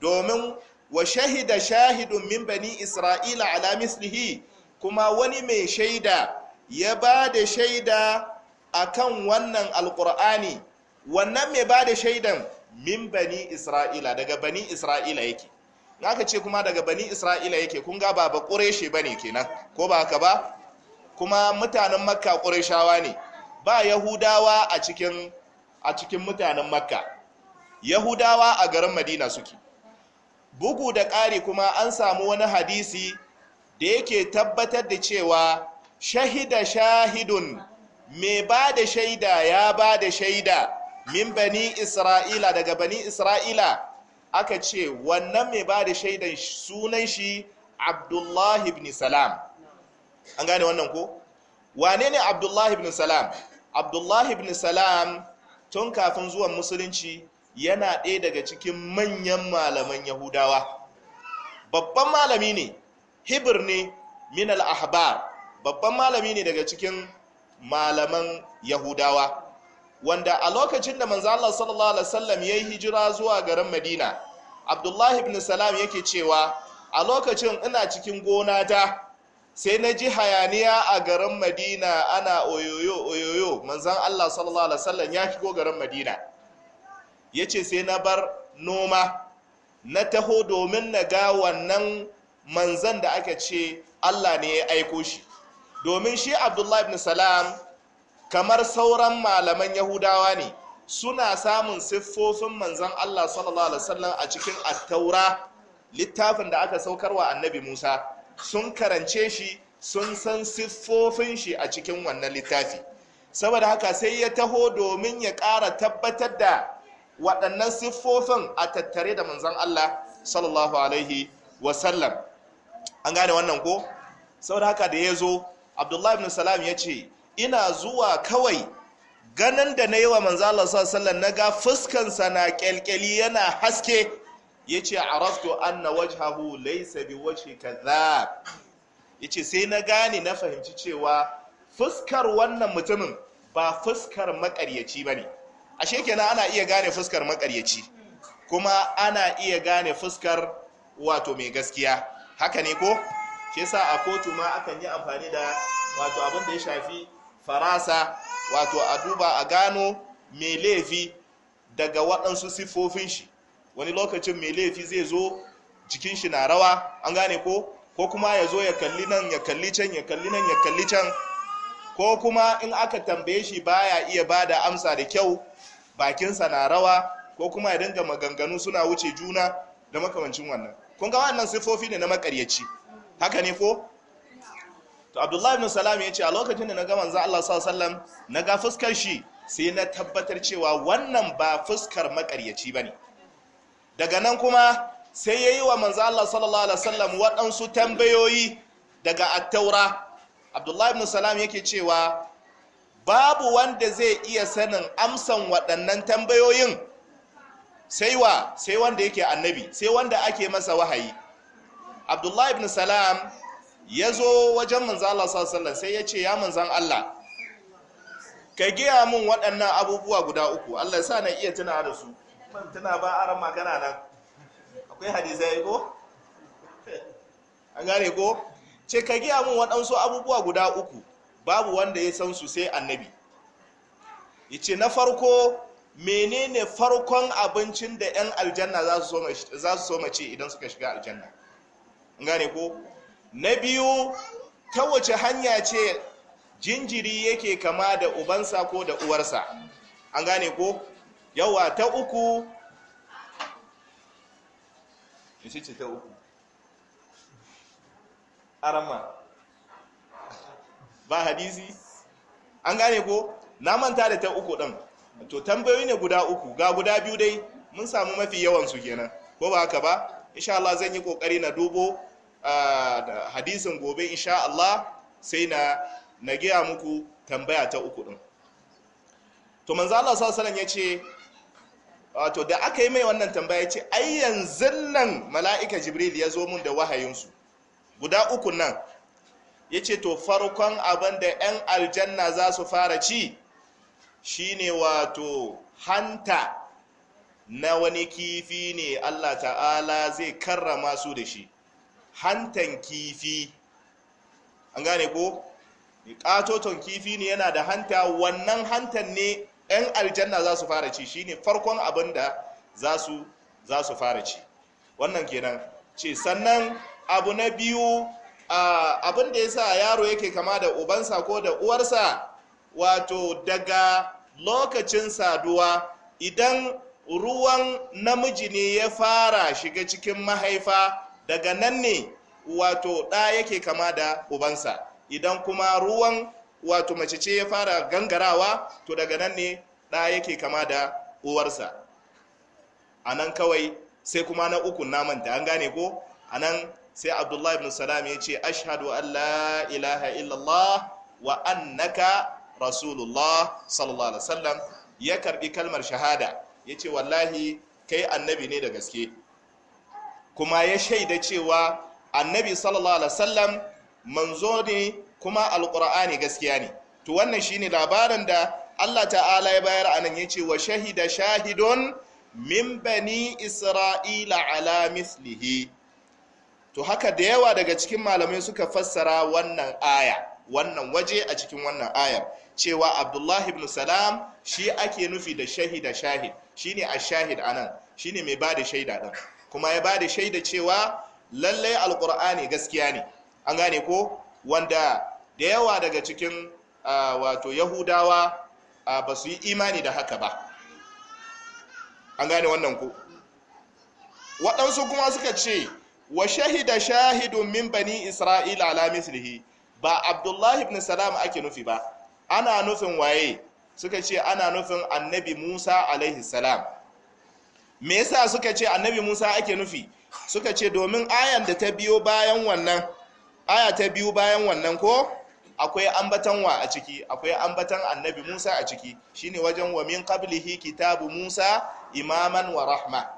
domin wa shahida shahidun min bani isra'ila ala mislihi kuma wani mai shaida ya ba da shaida akan wannan alkur'ani wannan mai ba da shaidan min bani isra'ila daga bani isra'ila yake Naka ce kuma daga bani isra'ila yake kun ga ba ba ƙureshe ba ne kenan ko ba haka ba kuma mutanen makka kureshawa ne ba yahudawa a cikin mutanen makka yahudawa a garin madina suke bugu da ƙari kuma an samu wani hadisi da yake tabbatar da cewa shahida shahidun mai ba da shaida ya ba da shaida min bani isra'ila daga bani isra'ila aka ce wannan mai ba da shaidan sunan shi abdullahi ibn salam an gane wannan ko wane ne abdullahi ibn salam abdullah ibn salam tun kafin zuwan musulunci yana ɗaya daga cikin manyan malaman yahudawa babban malami ne hibir ne min al-ahbar babban malami ne daga cikin malaman yahudawa wanda a lokacin da manzo Allah sallallahu alaihi wasallam yayi hijira zuwa garin Madina Abdullahi ibn Salam yake cewa a lokacin ina cikin gona ta sai na ji hayaniya a garin madina ana oyoyo oyoyo manzan allah sallallahu alaihi wasallam ya shigo garin madina ya ce sai na bar noma na taho domin na ga wannan manzan da aka ce allah ne ya aiko shi domin shi abdullahi ibn salam kamar sauran malaman yahudawa ne suna samun siffofin manzan allah sallallahu alaihi wasallam a cikin attaura littafin da aka saukarwa annabi musa sun karance shi sun san siffofin shi a cikin wannan littafi saboda haka sai ya taho domin ya ƙara tabbatar da waɗannan siffofin a tattare da manzan Allah sallallahu alaihi wasallam an gane wannan ko saboda haka da ya zo abdullahi ibn salam ya ce ina zuwa kawai ganin da na yi wa manzan Allah sallallahu alaihi wasallam na ga fuskansa na kyalkyali yana haske Ya ce yace araftu anna wajhahu laysa biwajhi Ya ce sai na gane na fahimci cewa fuskar wannan mutumin ba fuskar makaryaci bane ashe kenan ana iya gane fuskar makaryaci kuma ana iya gane fuskar wato mai gaskiya haka ne ko shi yasa a kotu ma akan yi amfani da wato abin da ya shafi farasa wato a duba a gano mai laifi daga waɗansu siffofin shi wani lokacin mai laifi zai zo jikin shi na rawa an gane ko ko kuma ya zo ya kalli nan ya kalli can ya kalli nan ya kalli can ko kuma in aka tambaye shi baya iya bada amsa da kyau bakinsa na rawa ko kuma ya dinga maganganu suna wuce juna da makamancin wannan kun ga wannan sifofi ne na makaryaci haka ne ko to abdullahi ibn salam ya ce a lokacin da na ga manzo Allah sallallahu alaihi wasallam na ga fuskar shi sai na tabbatar cewa wannan ba fuskar makaryaci bane daga nan kuma sai ya yi wa manzo Allah sallallahu alaihi wasallam waɗansu tambayoyi daga attaura abdullahi ibn salam yake cewa babu wanda zai iya sanin amsan waɗannan tambayoyin sai wa sai wanda yake annabi sai wanda ake masa wahayi abdullahi ibn salam ya zo wajen manzo Allah sallallahu sai ya ce ya manzan Allah ka giya mun waɗannan abubuwa guda uku Allah ya sa na iya tuna da su man tana ba aran magana nan akwai hadisai ko an gane ko ce ka giya mun waɗansu abubuwa guda uku babu wanda ya san su sai annabi ce na farko menene farkon abincin da 'yan aljanna za su so ce idan suka shiga aljanna gane ko na biyu ta wace hanya ce jinjiri yake kama da ubansa ko da uwarsa an gane ko yawa ta uku yashi ce ta uku arama ba hadisi an gane ko na manta da ta uku ɗan to tambayoyi ne guda uku ga guda biyu dai mun samu mafi yawan su kenan ko ba haka ba insha Allah zan yi kokari na dubo hadisin gobe insha Allah sai na na gaya muku tambaya ta uku ɗin to manzo Allah sallallahu alaihi wasallam yace wato da aka yi mai wannan tambaya ce ai yanzu nan mala'ika jibril ya zo mun da wahayinsu guda uku nan ya ce to farkon abin da 'yan aljanna za su fara ci shi ne wato hanta na wani kifi ne allah ta'ala zai karrama su da shi hantan kifi an gane ko ƙatoton kifi ne yana da hanta wannan hantan ne 'yan aljanna za su fara ci shine farkon abin da za su fara ci wannan kenan ce sannan abu na biyu abin da ya sa yaro yake kama da ubansa ko da uwarsa wato daga lokacin saduwa idan ruwan namiji ne ya fara shiga cikin mahaifa daga nan ne wato ɗa yake kama da ubansa idan kuma ruwan wato mace ce ya fara gangarawa to daga nan ne ɗa yake kama da uwarsa a nan kawai sai kuma na uku namanta an gane ko a nan sai abdullahi ibn salam ya ce ashadu Allah ilaha illallah wa annaka rasulullah sallallahu alaihi wasallam ya karbi kalmar shahada ya ce wallahi kai annabi ne da gaske kuma ya shaida cewa annabi sallallahu alaihi wasallam manzo ne kuma alkur'ani gaskiya ne to wannan shine labarin da Allah ta'ala ya bayar a anan yace wa shahida shahidun min bani isra'ila ala mislihi to haka da yawa daga cikin malamai suka fassara wannan aya wannan waje a cikin wannan ayar cewa abdullahi ibn salam shi ake nufi da shahida shahid shine a shahid anan shine mai ba da shaida din kuma ya ba da shaida cewa lallai alqur'ani gaskiya ne an gane ko wanda da yawa daga cikin wato yahudawa ba su yi imani da haka ba an gane wannan ku waɗansu kuma suka ce wa shahida shahidun min bani isra'ila ala mislihi ba abdullahi ibn salam ake nufi ba ana nufin waye suka ce ana nufin annabi musa alaihi salam me yasa suka ce annabi musa ake nufi suka ce domin ayan da ta biyo bayan wannan aya ta biyu bayan wannan ko akwai ambatan wa a ciki akwai ambatan annabi Musa a ciki shine wajen wa min qablihi kitabu Musa imaman wa rahma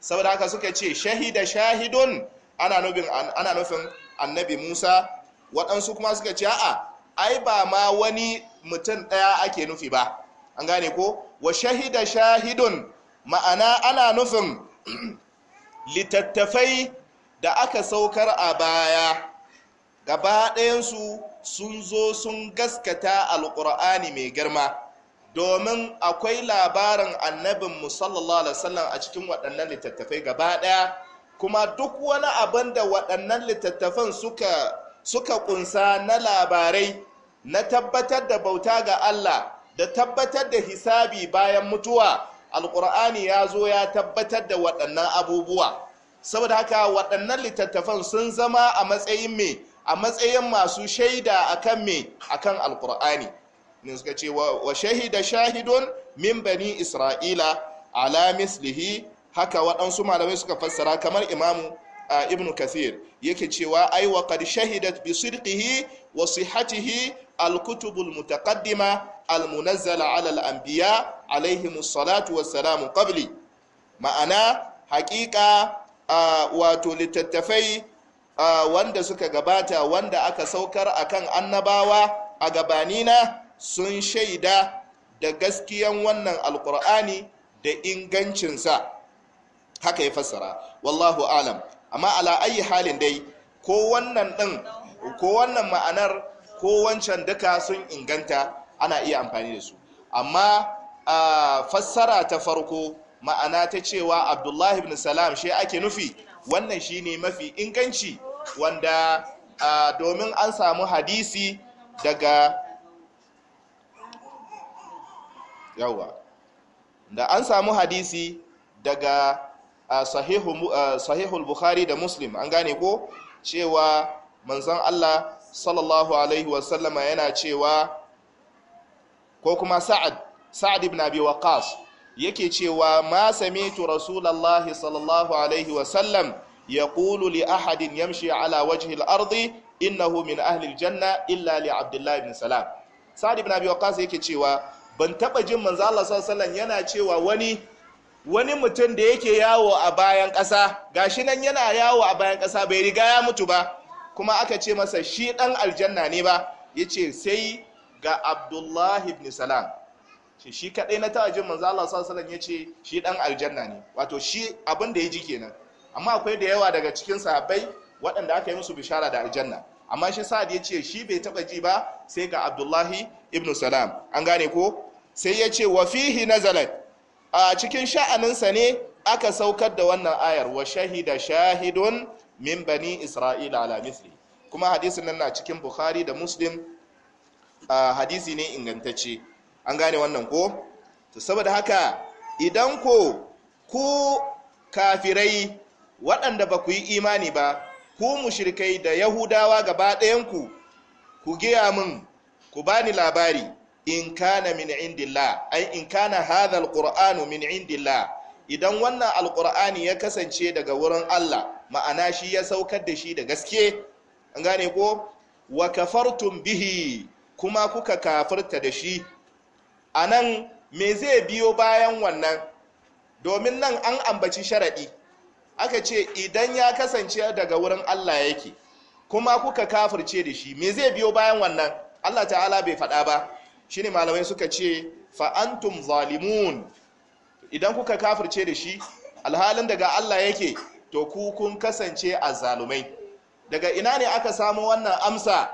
saboda haka suka ce shahida shahidun ana nufin ana nufin annabi Musa waɗansu kuma suka ce a'a ai ba ma wani mutum ɗaya ake nufi ba an gane ko wa shahida shahidun ma'ana ana nufin littattafai da aka saukar a baya gaba ɗayansu sun zo sun gaskata Alkur'ani mai girma domin akwai labarin annabin musallallahu alaihi wasallam a cikin waɗannan littattafai gaba ɗaya kuma duk wani abin da waɗannan littattafan suka suka kunsa na labarai na tabbatar da bauta ga Allah da tabbatar da hisabi bayan mutuwa Alkur'ani ya zo ya tabbatar da waɗannan abubuwa saboda haka waɗannan littattafan sun zama a matsayin mai a matsayin masu shaida akan me akan alkur'ani ne suka ce wa shahida shahidun min bani isra'ila ala mislihi haka waɗansu malamai suka fassara kamar imamu ibn kathir yake cewa ai wa qad shahidat bi sidqihi wa sihhatihi al-kutub al-mutaqaddima al-munazzala ala al-anbiya alaihim salatu wassalam qabli ma'ana haƙiƙa wato littattafai wanda suka gabata wanda aka saukar a kan annabawa a gabanina sun shaida da gaskiyan wannan alkur'ani da ingancinsa haka ya fassara wallahu alam amma ala ayi halin dai ko wannan din ko wannan ma'anar ko wancan duka sun inganta ana iya amfani da su amma fassara ta farko ma'ana ta cewa abdullahi ibn salam shi ake nufi wannan shine mafi inganci wanda domin an samu hadisi daga yawa da an samu hadisi daga sahihul bukhari da muslim an gane ko cewa manzon Allah sallallahu alaihi wasallama yana cewa ko kuma sa'ad sa'ad ibn abi waqas yake cewa ma sami'tu rasulullahi sallallahu alaihi wa sallam yaqulu li ahadin yamshi ala wajhi arzi ardi innahu min ahli janna illa li abdullahi ibn salam sa'd ibn abi waqqas yake cewa ban taba jin manzo Allah sallallahu alaihi yana cewa wani wani mutum da yake yawo a bayan ƙasa gashi nan yana yawo a bayan ƙasa bai riga ya mutu ba kuma aka ce masa shi dan aljanna ne ba yace sai ga abdullahi ibn salam shi shi kadai na tajin manzo Allah sallallahu alaihi wasallam yace shi dan aljanna ne wato shi abin da ya ji kenan amma akwai da yawa daga cikin sahabbai waɗanda aka yi musu bishara da aljanna amma shi sa'ad ya ce shi bai taba ji ba sai ga abdullahi ibnu salam an gane ko sai ya ce wa fihi nazalat a cikin sha'aninsa ne aka saukar da wannan ayar wa shahida shahidun min bani isra'ila ala misli kuma hadisin nan na cikin bukhari da muslim hadisi ne ingantacce an gane wannan ko to saboda haka idan ko ku kafirai waɗanda ba ku yi imani ba ku mushrikai da yahudawa gaba ɗayanku ku giya min ku bani labari in kana min indillah ai in kana hadha alqur'anu min indillah idan wannan alqur'ani ya kasance daga wurin Allah ma'ana shi ya saukar da shi da gaske an gane ko wa kafartum bihi kuma kuka kafirta da shi a nan me zai biyo bayan wannan domin nan an ambaci sharaɗi aka ce idan ya kasance daga wurin allah yake kuma kuka kafirce da shi me zai biyo bayan wannan allah ta'ala bai faɗa ba shine malamai suka ce fa'antum zalimun idan kuka kafirce da shi alhalin daga allah yake to ku kun kasance a zalumai daga ina ne aka samu wannan amsa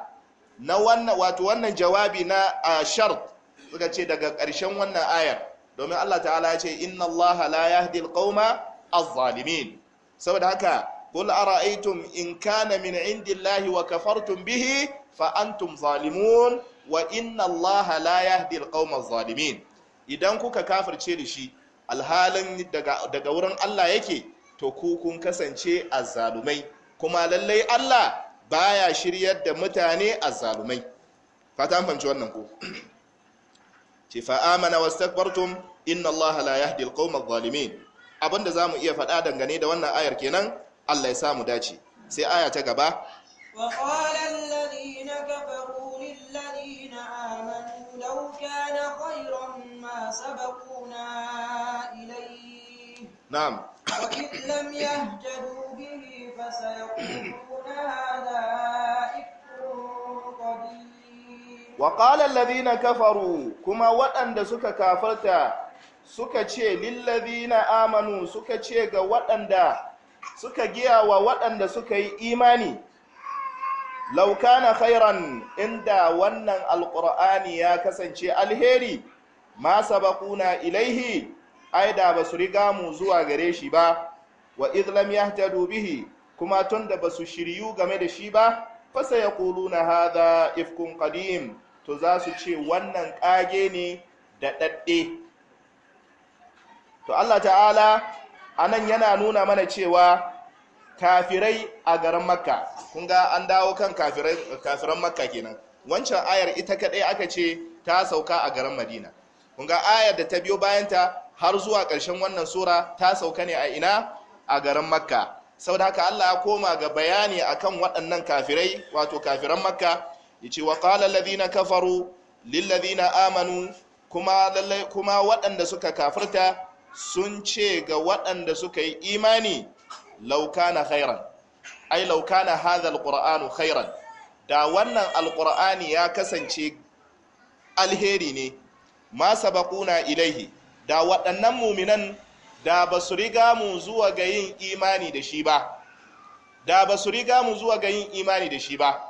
na wannan wato wannan jawabi na ah, shart suka ce daga ƙarshen wannan ayar domin Allah ta'ala ya ce inna Allah la yahdi alqauma adh-dhalimin saboda haka qul ara'aytum in kana min indillahi wa kafartum bihi fa antum zalimun wa inna Allah la yahdi alqauma adh-dhalimin idan kuka kafirce da shi alhalin daga wurin Allah yake to ku kun kasance azzalumai kuma lallai Allah baya shiryar da mutane azzalumai fata an wannan ko ce fa amana wastakbartum inna Allah la yahdi alqawma adh da abinda zamu iya faɗa dangane da wannan ayar kenan Allah ya sa mu dace sai aya ta gaba wa qala alladhina kafaru lil na amanu law kana khayran ma sabaquna ilayhi na'am wa id lam yahtadu bihi fasayaquluna hadha ifkun qadim wa qala kafaru kuma waɗanda suka kafarta suka ce lillazina amanu suka ce ga waɗanda suka giya wa waɗanda suka yi imani laukana khairan inda wannan alƙur'ani ya kasance alheri ma sabaquna ilaihi ai da basu riga mu zuwa gare shi ba wa izlam yahtadu bihi kuma tunda basu shiryu game da shi ba fasa na hada ifkun qadim to za su ce wannan ƙage ne da ɗaɗɗe to Allah ta'ala anan yana nuna mana cewa kafirai a garin makka kun ga an dawo kan kafiran makka kenan wancan ayar ita kaɗai aka ce ta sauka a garin madina kun ga ayar da ta biyo bayanta har zuwa ƙarshen wannan sura ta sauka ne a ina a garin makka Sau da haka Allah ya koma ga bayani akan waɗannan kafirai wato kafiran makka yace wa qala alladhina kafaru na amanu kuma lalle kuma waɗanda suka kafirta sun ce ga waɗanda suka yi imani law kana khairan ai law kana hadha alqur'anu khairan da wannan alqur'ani ya kasance alheri ne ma sabaquna ilaihi da waɗannan muminan da ba su riga mu zuwa ga yin imani da shi ba da ba su riga mu zuwa ga yin imani da shi ba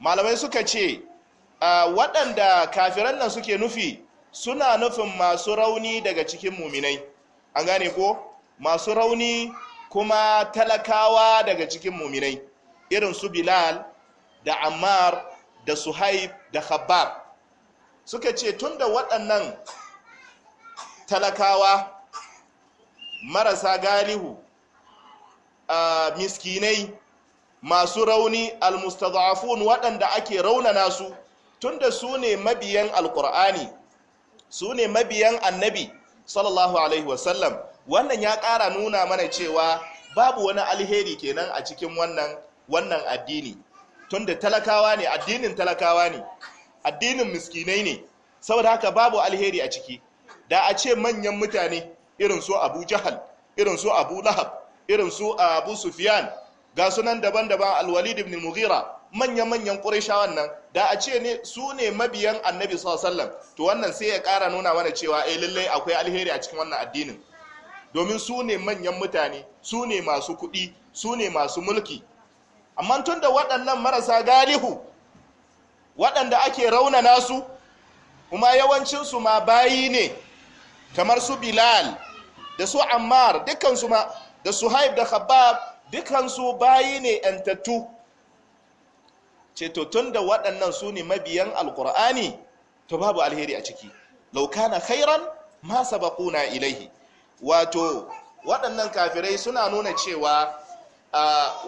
malamai suka ce waɗanda kafiran nan suke nufi suna nufin masu rauni daga cikin muminai an gane ko masu rauni kuma talakawa daga cikin muminai irin su bilal da ammar da suhaib da khabbab suka ce tun da waɗannan talakawa marasa galihu a miskinai masu rauni almustadhafun waɗanda ake raunana su tunda su ne mabiyan alkur'ani su ne mabiyan annabi sallallahu alaihi wasallam wannan ya ƙara nuna mana cewa babu wani alheri kenan a cikin wannan wannan addini tunda talakawa ne addinin talakawa ne addinin miskinai ne saboda haka babu alheri a ciki da a ce manyan mutane irin su abu jahal irin su abu lahab irin su abu sufiyan ga sunan daban-daban alwalid ibn mughira manya-manyan ƙurishawan nan da a ce ne su ne mabiyan annabi sallam to wannan sai ya ƙara nuna mana cewa eh lallai akwai alheri a cikin wannan addinin domin su ne manyan mutane su ne masu kuɗi su ne masu mulki amma tun da waɗannan marasa galihu waɗanda ake raunana su kuma yawancinsu ma bayi ne kamar su bilal da su ammar dukkansu ma da suhaib da khabbab dukansu bayi ne yantattu ce tun da waɗannan su ne mabiyan alkur'ani to babu alheri a ciki laukana khairan ma sabaquna ilaihi wato waɗannan kafirai suna nuna cewa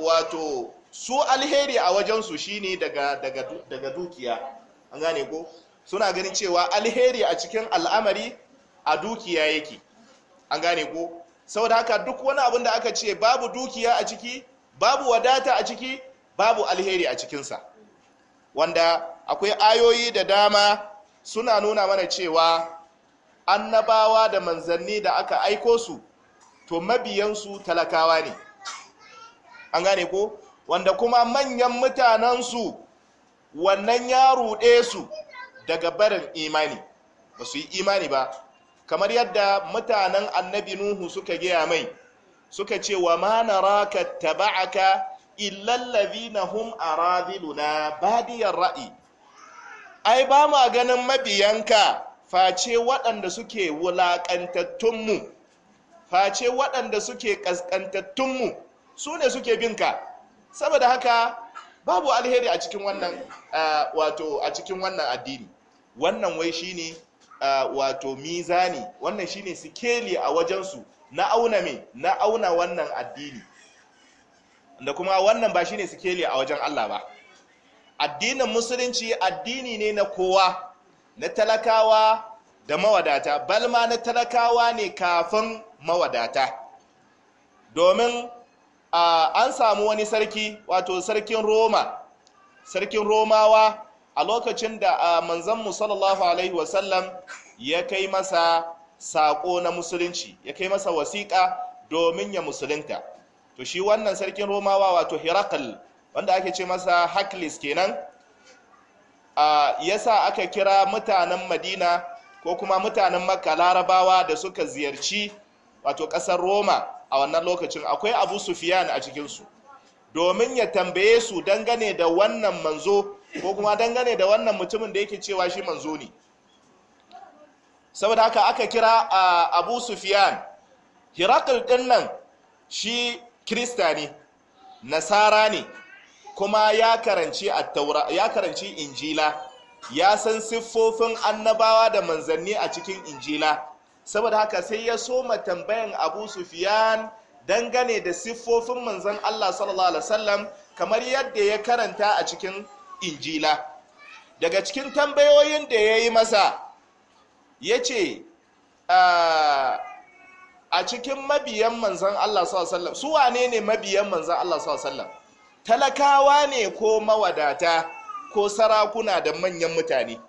wato su alheri a wajensu shine daga daga dukiya an gane ko suna ganin cewa alheri a cikin al'amari a dukiya yake an gane ko saboda haka duk wani abin da aka ce babu dukiya a ciki babu wadata a ciki babu alheri a cikinsa wanda akwai ayoyi da dama suna nuna mana cewa annabawa da manzanni da aka aiko su to mabiyansu talakawa ne an gane ko wanda kuma manyan mutanensu wannan ya ruɗe su daga barin imani ba su yi imani ba kamar yadda mutanen annabi nuhu suka gaya mai suka ce wa ma naraka taba'aka illa allazina hum aradiluna badiyar ra'i ai ba ma ganin mabiyanka face waɗanda suke wulaƙantattunmu face waɗanda suke ƙasƙantattunmu su ne suke binka saboda haka babu alheri a cikin wannan eh, cikin wannan addini wannan wai shi ne. wato mizani wannan shine sikeli a wajensu na auna me na auna wannan addini da kuma wannan ba shine sikeli a wajen Allah ba addinin musulunci addini ne na kowa na talakawa da mawadata balma na talakawa ne kafin mawadata domin an samu wani sarki wato sarkin roma sarkin romawa a lokacin da manzanmu sallallahu alaihi wasallam ya kai masa saƙo na musulunci ya kai masa wasiƙa domin ya musulunta to shi wannan sarkin romawa wato hirakal wanda ake ce masa haklis kenan ya sa aka kira mutanen madina ko kuma mutanen makka larabawa da suka ziyarci wato ƙasar roma a wannan lokacin akwai abu sufiyan a cikinsu domin ya tambaye su dangane da wannan manzo ko kuma dangane da wannan mutumin da yake cewa shi manzo ne saboda haka aka kira abu sufiyan hirakul din nan shi kirista ne nasara ne kuma ya karanci injila ya san siffofin annabawa da manzanni a cikin injila saboda haka sai ya soma tambayan abu sufiyan dangane da siffofin manzan allah sallallahu alaihi kamar yadda ya karanta a cikin injila daga cikin tambayoyin da ya yi masa ya ce ah, a cikin mabiyan manzan Allah sallam su wane ne mabiyan manzan Allah sallam talakawa ne ko mawadata ko sarakuna da manyan mutane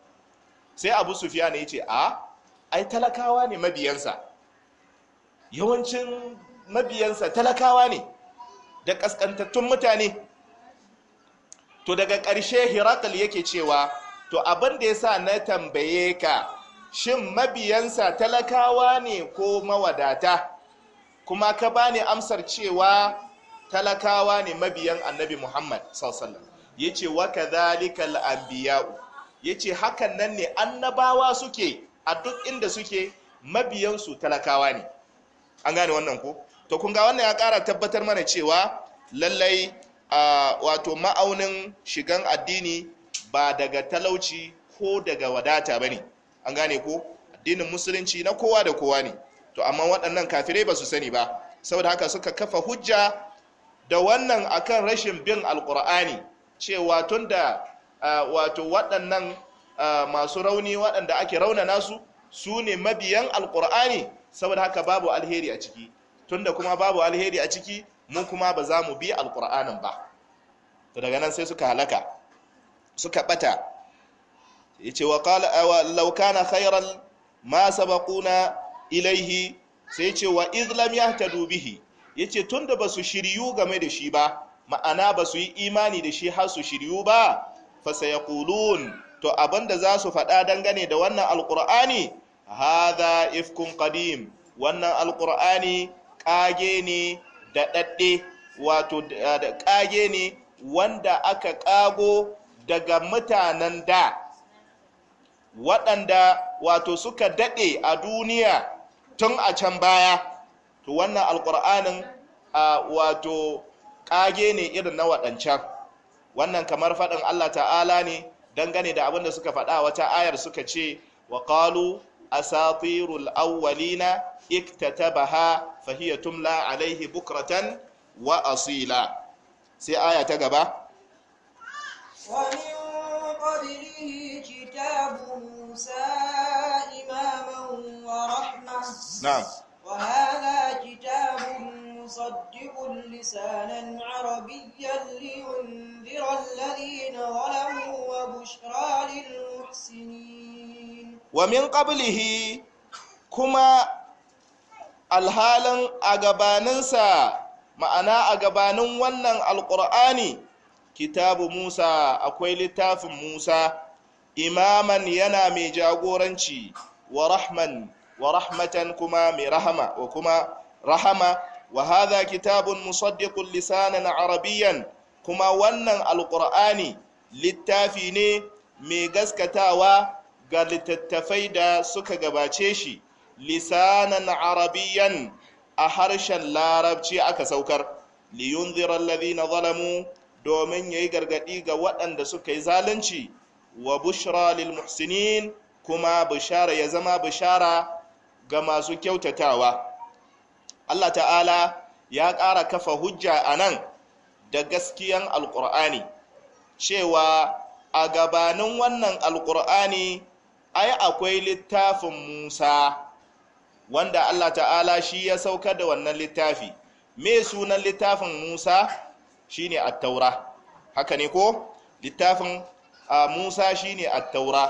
sai abu sufiya ne ya ce a ah, ai talakawa ne mabiyansa yawancin mabiyansa talakawa ne da kaskantattun mutane to daga ƙarshe hirakal yake cewa to abin da ya sa na tambaye ka shin mabiyansa talakawa ne ko mawadata kuma ka bani amsar cewa talakawa ne mabiyan annabi muhammad sallallahu ya yace wa kadhalikal anbiya'u ya hakan nan ne annabawa suke a duk inda suke mabiyansu talakawa ne an gane wannan ko to kun ga wannan ya kara tabbatar mana cewa lallai wato ma'aunin shigan addini ba daga talauci ko daga wadata ba ne an gane ko addinin musulunci na kowa da kowa ne to amma waɗannan kafirai ba su sani ba saboda haka suka kafa hujja da wannan akan rashin bin alkur'ani cewa tun da wato waɗannan masu rauni waɗanda ake raunana su su ne mabiyan alkur'ani saboda haka babu alheri a ciki tunda kuma babu alheri a ciki mu kuma ba za mu bi alƙur'anin ba daga nan sai suka halaka suka ɓata ya ce wa laukana khairan ma sabakuna ilaihi sai ce wa islam ya ta dubihi ya ce tun da ba su shiryu game da shi ba ma'ana ba su yi imani da shi har su shiryu ba fasa ya to abinda za su faɗa dangane da wannan alƙur'ani haza ifkun ƙadim. wannan alƙur'ani ƙage ne da ɗaɗɗe wato da ƙage ne wanda aka ƙago daga mutanen da waɗanda wato suka daɗe a duniya tun a can baya to wannan alƙur'anin wato ƙage ne irin na waɗancan wannan kamar faɗin allah ta'ala ne dangane da abin da suka faɗa wata ayar suka ce wa ƙalu safirul awwalina baha fahiya tumla alaihi bukratan wa asila sai aya ta gaba ومن قبله كتاب موسى إماما ورحمة نعم وهذا كتاب مصدق لسانا عربيا لينذر الذين ظلموا وبشرى للمحسنين ومن قبله كما alhalin a gabaninsa ma'ana a gabanin wannan alkur'ani kitabu musa akwai littafin musa imaman yana mai jagoranci wa rahman wa rahmatan kuma mai rahama wa kuma rahama wa kitabun musaddiqun lisanan arabiyan kuma wannan alkur'ani littafi ne mai gaskatawa ga littattafai da suka gabace shi lisanan arabiyan a harshen larabci aka saukar liyun liyunzira na zalamu domin yayi gargadi ga waɗanda suka yi zalunci wa bushra lil muhsinin kuma bishara ya zama bishara ga masu kyautatawa Allah ta'ala ya ƙara kafa hujja a nan da gaskiyan alƙur'ani cewa a gabanin wannan alƙur'ani ai akwai littafin musa wanda Allah ta'ala shi ya saukar da wannan littafi me sunan littafin Musa shine at-taura haka ne ko littafin Musa shine at-taura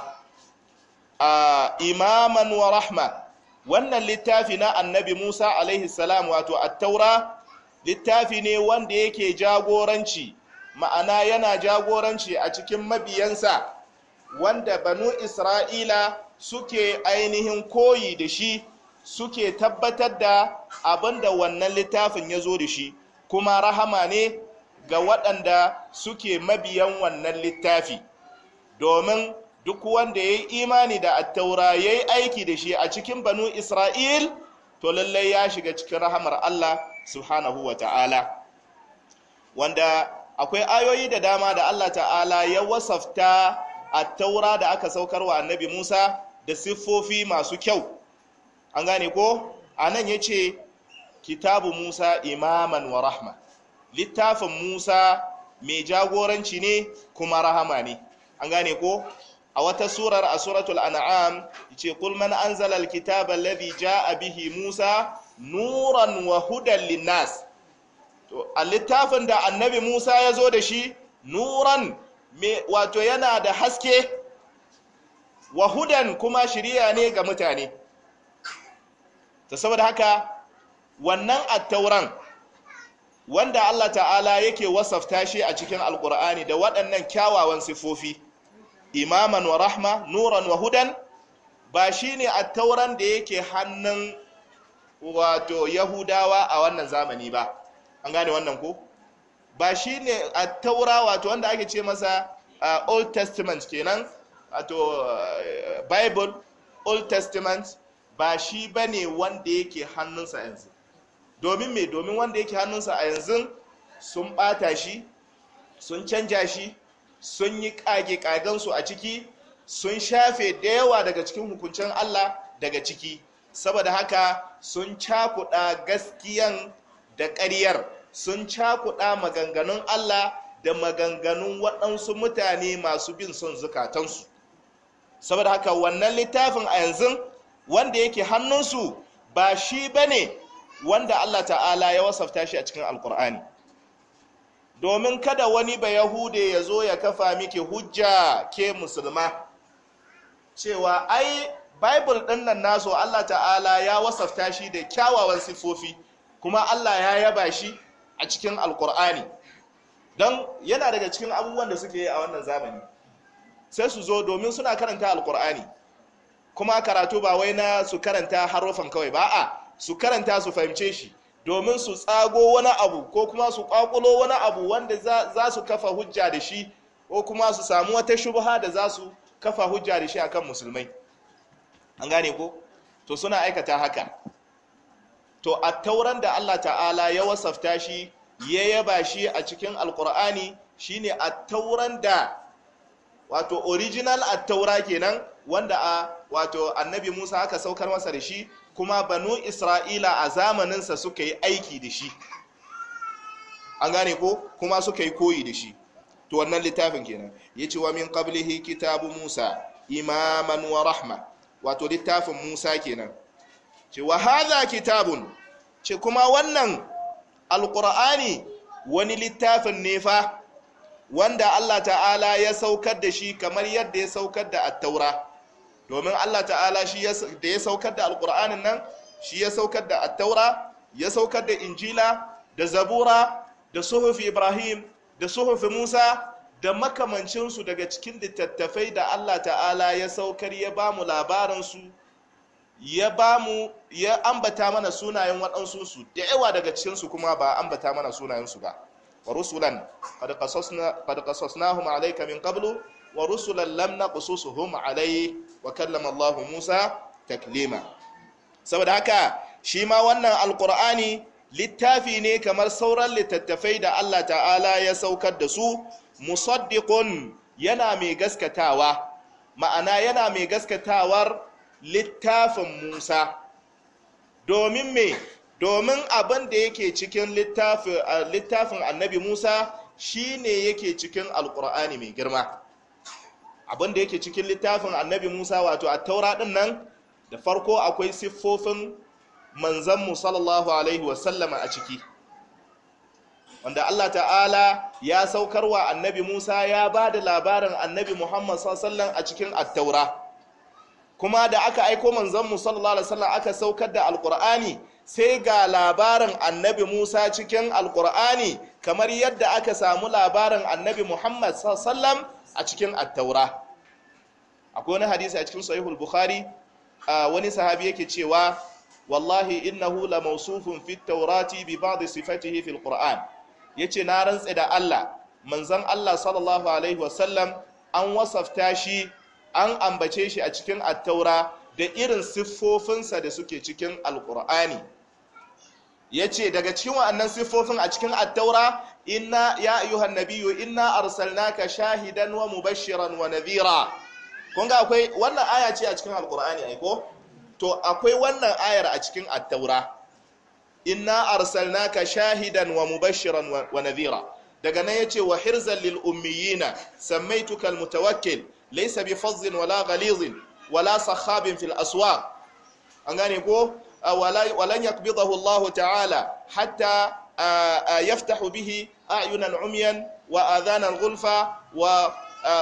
imaman wa rahma wannan littafi na annabi Musa alaihi salam wato at-taura littafi ne wanda yake jagoranci ma'ana yana jagoranci a cikin mabiyansa wanda banu Isra'ila suke ainihin koyi da shi suke tabbatar da abin da wannan littafin ya zo da shi kuma rahama ne ga waɗanda suke mabiyan wannan littafi domin duk wanda ya yi imani da attaura ya yi aiki da shi a cikin banu isra'il to lallai ya shiga cikin rahamar allah subhanahu wa ta'ala wanda akwai ayoyi da dama da allah ta'ala ya wasafta attaura da aka saukarwa annabi musa da siffofi masu kyau an gane ko a nan ya ce kitabu musa imaman wa rahma littafin musa mai jagoranci ne kuma rahama ne an gane ko a wata surar a suratul an'am ce kul man anzala alkitaba alladhi jaa bihi musa nuran wa hudan linnas to a littafin da annabi musa ya zo da shi nuran wato yana da haske wa hudan kuma shiriya ne ga mutane ta saboda haka wannan attauran wanda Allah ta'ala yake wasafta shi a cikin alkur'ani da waɗannan kyawawan sifofi imaman wa rahma nuran wa hudan ba shi ne attauran da yake hannun wato yahudawa a wannan zamani ba an gane wannan ko ba shi ne attaura wato wanda ake ce masa uh, old testament kenan wato uh, bible old testament ba shi ba ne wanda yake hannunsa yanzu domin me domin wanda yake hannunsa a yanzu sun bata shi sun canja shi sun yi kage ƙagensu a ciki sun shafe da yawa daga cikin hukuncin allah daga ciki saboda haka sun cakuɗa gaskiyan da ƙaryar sun cakuɗa maganganun allah da maganganun waɗansu mutane masu bin son zukatansu saboda haka wannan littafin a yanzu wanda yake hannunsu ba shi ba ne wanda Allah ta'ala ya wasafta shi a cikin alkur'ani domin kada wani ba yahude ya zo ya kafa miki hujja ke musulma cewa ai bible ɗin nan naso Allah ta'ala ya wasafta shi da kyawawan sifofi kuma Allah ya yaba shi a cikin alkur'ani don yana daga cikin abubuwan da suke yi a wannan zamani sai su zo domin suna karanta alkur'ani kuma karatu ba wai na su karanta harufan kawai ba a su karanta su fahimce shi domin su tsago wani abu ko kuma su kwakulo wani abu wanda za su kafa hujja da shi ko kuma su samu wata shubha da za su kafa hujja da shi akan musulmai an gane ko to suna aikata haka to a tauran da Allah ta'ala ya wasafta shi ya yaba shi a cikin alkur'ani shine a tauran da wato original attaura kenan wanda a wato annabi musa aka saukar masa da shi kuma banu isra'ila a zamaninsa suka yi aiki da shi an gane ko kuma suka yi koyi da shi to wannan littafin kenan ya ce wa min qablihi kitabu musa imaman wa rahma wato littafin musa kenan ce wa kitabun ce kuma wannan alkur'ani wani littafin ne fa wanda Allah ta'ala ya saukar da shi kamar yadda ya saukar da attaura domin Allah ta'ala shi da ya saukar da alkur'anin nan shi ya saukar da attaura ya saukar da injila da zabura da suhufi ibrahim da suhufi musa da makamancinsu daga cikin littattafai da Allah ta'ala ya saukar ya ba mu labaransu ya ba mu ya ambata mana sunayen waɗansu su da yawa daga cikinsu kuma ba ambata mana sunayensu ba wa rusulan qad qasasna qad qasasnahum alayka min wa rusulan lam naqsusuhum alayhi wa kallama Musa taklima saboda haka shi ma wannan Alƙur'ani littafi ne kamar sauran littattafai da Allah ta'ala ya saukar da su musaddiqun yana mai gaskatawa ma'ana yana mai gaskatawar littafin Musa domin mai. domin abin da yake cikin littafin annabi musa shine yake cikin alkur'ani mai girma abin da yake cikin littafin annabi musa wato a taura din nan da farko akwai siffofin manzanmu sallallahu alaihi wasallama a ciki wanda allah ta'ala ya saukarwa annabi musa ya ba da labarin annabi muhammad sallallahu a cikin attaura kuma da aka aiko manzanmu sallallahu alaihi wasallama aka saukar da alkur'ani sai ga labarin annabi musa cikin alkur'ani kamar yadda aka samu labarin annabi muhammad sallam a cikin attaura akwai wani hadisi a cikin sahihul bukhari wani sahabi yake cewa wallahi innahu la mausufun fi taurati bi ba'd sifatihi fil qur'an yace na rantse da Allah manzon Allah sallallahu alaihi wasallam an wasafta shi an ambace shi a cikin attaura da irin siffofinsa da suke cikin alqur'ani yace daga cikin wa'annan siffofin a cikin at-taura inna ya ayyuhan nabiyyu inna arsalnaka shahidan wa mubashiran wa nadhira kun ga akwai wannan aya ce a cikin alqur'ani ai ko to akwai wannan ayar a cikin at-taura inna arsalnaka shahidan wa mubashiran wa nadhira daga nan yace wa hirzan lil ummiyina sammaytuka al-mutawakkil laysa bi fazzin wala ghalizin wala sakhabin fil aswaq an gane ko ولن يقبضه الله تعالى حتى يفتح به أعينا عميا وآذانا غلفا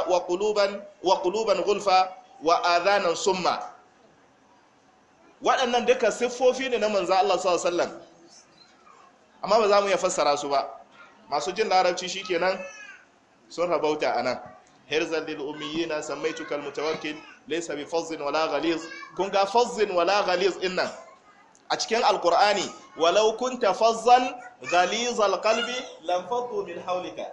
وقلوبا وقلوبا غلفا وآذانا صما waɗannan duka siffofi ne na manzo Allah sallallahu alaihi wasallam amma ba za mu iya fassara su ba masu jin larabci shikenan sun rabauta anan hirzan lil ummiyina sammaytuka al mutawakkil laysa bi fazzin wala ghaliz kun ga fazzin wala ghaliz innan a cikin alkur'ani walau kunta fazzan ghalizal kalbi lam faddu min hawlika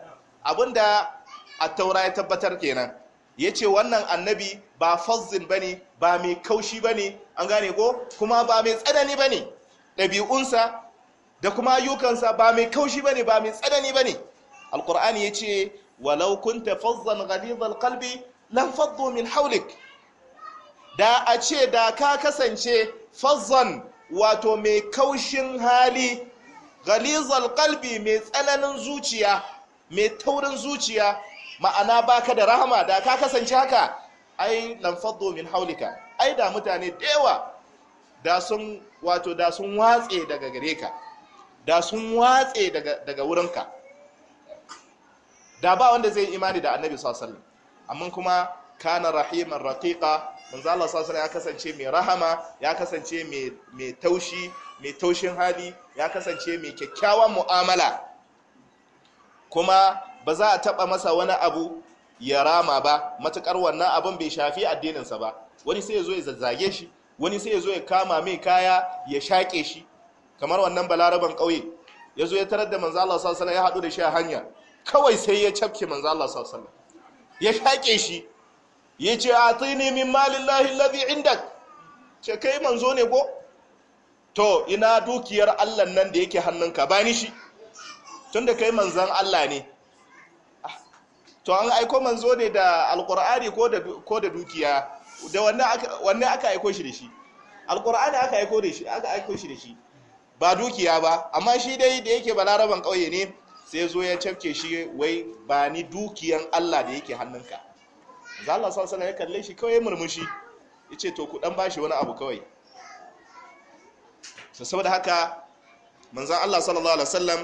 abinda a taura ya tabbatar kenan ya ce wannan annabi ba fazzin bane ba mai kaushi bane an gane ko kuma ba mai tsanani bane dabi'unsa da kuma ayyukansa ba mai kaushi bane ba mai tsanani bane alkur'ani ce walau kunta fazzan ghalizal kalbi lam faddu min haulik. da a ce da ka kasance fazzan wato mai kaushin hali ghalizal qalbi mai tsananin zuciya mai taurin zuciya ma'ana baka da rahama da ka kasance haka ai lanfaddo min haulika ai da mutane da yawa da sun wato da sun watse daga gare ka da sun watse daga wurinka da ba wanda zai imani da annabi sallallahu alaihi wasallam amma kuma kana rahiman raqiqa manzo Allah sallallahu ya kasance mai rahama ya kasance mai taushi mai taushin hali ya kasance mai kyakkyawan mu'amala kuma ba za a taba masa wani abu ya rama ba matukar wannan abin bai shafi addininsa ba wani sai ya zo ya zazzage shi wani sai ya zo ya kama mai kaya ya shaƙe shi kamar wannan balaraban ƙauye ya zo ya tarar da manzo Allah sallallahu ya haɗu da shi a hanya kawai sai ya cafke manzo Allah sallallahu ya shaƙe shi ya ce a tsini min malillahi lafi indak ce kai manzo ne ko to ina dukiyar allah nan da yake hannunka ba ni shi tun da kai manzan allah ne ah, to an aiko manzo ne da alkur'ani ko da dukiya da wanne aka aiko shi da shi alkur'ani aka aiko da shi aka aiko shi da shi ba dukiya ba amma shi dai da yake balaraban ƙauye ne sai zo ya cafke shi wai ba ni dukiyan allah da yake hannunka za Allah sallallahu alaihi ya kalle shi kawai murmushi ce to ku dan bashi wani abu kawai to saboda haka manzon Allah sallallahu alaihi wasallam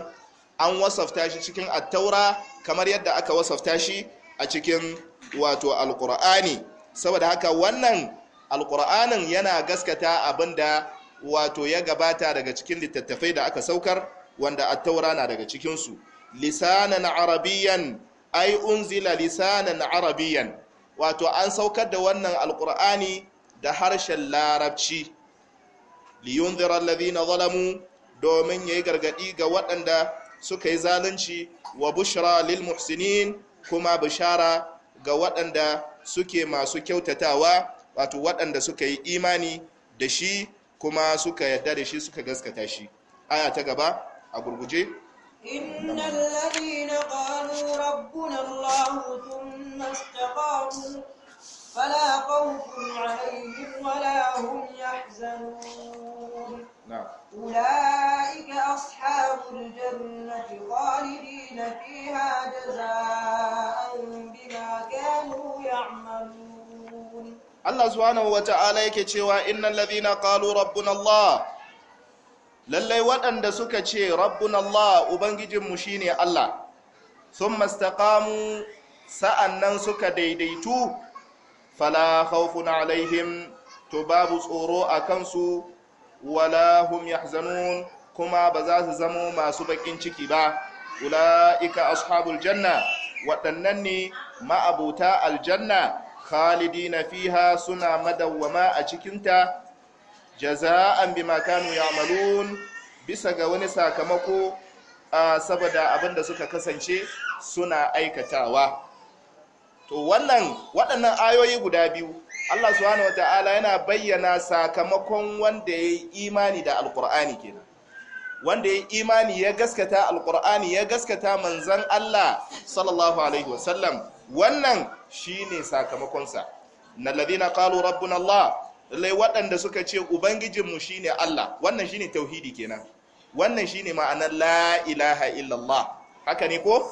an wasafta shi cikin at-taura kamar yadda aka wasafta shi a cikin wato alqur'ani saboda haka wannan alqur'anin yana gaskata abinda wato ya gabata daga cikin littattafai da aka saukar wanda at-taura na daga cikin su lisanan arabiyan ai unzila lisanan arabiyan wato an saukar da wannan alkur'ani da harshen larabci liyunzira na zalamu domin ya yi gargaɗi ga waɗanda suka yi zalunci wa bushra lil muhsinin kuma bishara ga waɗanda suke masu kyautatawa wato waɗanda suka yi imani da shi kuma suka yarda da shi suka gaskata shi aya ta gaba a gurguje إن الذين قالوا ربنا الله ثم استقاموا فلا خوف عليهم ولا هم يحزنون نعم. أولئك أصحاب الجنة خالدين فيها جزاء بما كانوا يعملون الله سبحانه وتعالى يكي إن الذين قالوا ربنا الله lallai waɗanda suka ce rabbun Allah ubangijinmu shine Allah sun mastakamu sa'annan suka daidaitu fala khawfun alaihim to babu tsoro a kansu wala hum yahzanun kuma ba za su zamo masu bakin ciki ba ula'ika ashabul janna waɗannan ne ma'abuta aljanna Khalidi fiha suna madawwama a cikinta jaza'an bima kanu ya'malun bisa ga wani sakamako saboda abinda suka kasance suna aikatawa to wannan waɗannan ayoyi guda biyu Allah subhanahu wata'ala yana bayyana sakamakon wanda ya yi imani da alkur'ani kenan wanda ya yi imani ya gaskata alkur'ani ya gaskata manzan Allah sallallahu alaihi wasallam wannan shine sakamakonsa na ladina qalu rabbuna Allah lai waɗanda suka ce ubangijinmu shine Allah wannan shine tauhidi kenan wannan shine ma'anar la ilaha illallah haka ne ko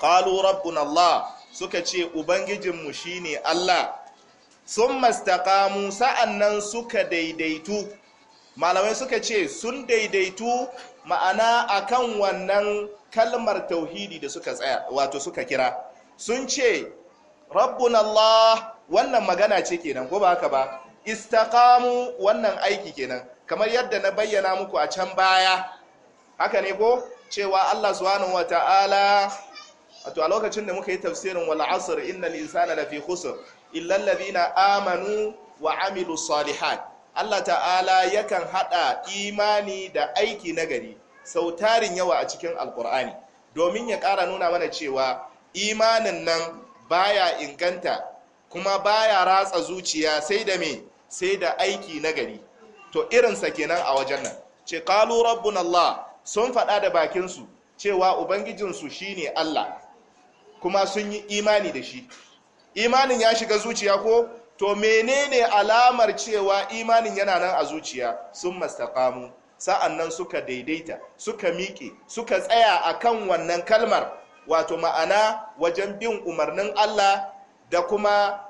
qalu rabbuna Allah suka ce ubangijinmu shine Allah sun mastaqamu sa'annan suka daidaitu malamai suka ce sun daidaitu ma'ana akan wannan kalmar tauhidi da suka tsaya wato suka kira sun ce rabbuna Allah wannan magana ce kenan ko ba haka ba istaqamu wannan aiki kenan kamar yadda na bayyana muku a can baya haka ne ko cewa Allah subhanahu wataala wato a lokacin da muka yi tafsirin wal asr innal insana lafi khusr illa alladhina amanu wa amilus salihat Allah ta'ala yakan hada imani da aiki nagari sau tarin yawa a cikin alkur'ani domin ya ƙara nuna mana cewa imanin nan baya inganta kuma baya ratsa zuciya sai da me sai da aiki nagari to irinsa kenan a wajen nan ce qalu rabbuna allah sun faɗa da bakin su cewa ubangijinsu shine allah kuma sun yi imani da shi imanin ya shiga zuciya ko to menene alamar cewa imanin yana nan a zuciya sun mastaqamu sa'annan suka daidaita suka miƙe suka tsaya a kan wannan kalmar wato ma'ana wajen bin umarnin Allah da kuma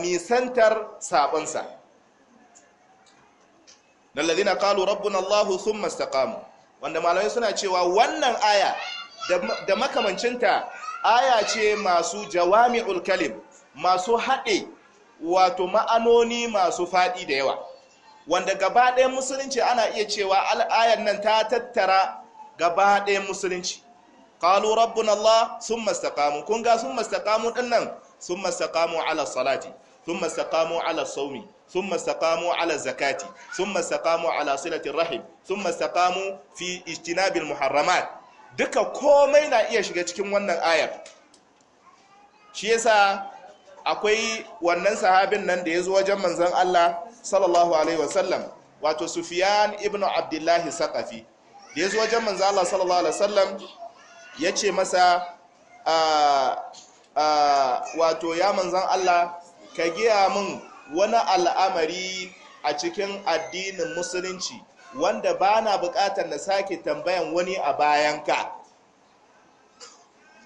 nisantar sabonsa na lalzina kalu rabbin allahu sun mastakamu wanda malamai suna cewa wannan aya da makamancinta aya ce masu jawami'ul kalim masu haɗe wato ma'anoni masu faɗi da yawa wanda gaba musulunci ana iya cewa al'ayar nan ta tattara gaba ɗayan musulunci qalu rabbuna allah sun istaqamu kun ga summa istaqamu din nan summa istaqamu ala salati summa istaqamu ala saumi. ثم zakati. على الزكاة ثم استقاموا على صلة الرحم ثم استقاموا في اجتناب المحرمات duka komai na iya shiga cikin wannan ayar shi akwai wannan sahabin nan da ya zo wajen manzon Allah sallallahu alaihi wasallam wato Sufyan ibn Abdullah Saqafi da ya zo wajen manzon Allah sallallahu alaihi wasallam ya ce masa wato ya manzon Allah ka giya mun. wani al'amari a cikin addinin musulunci wanda ba na bukatar na sake tambayan wani a bayanka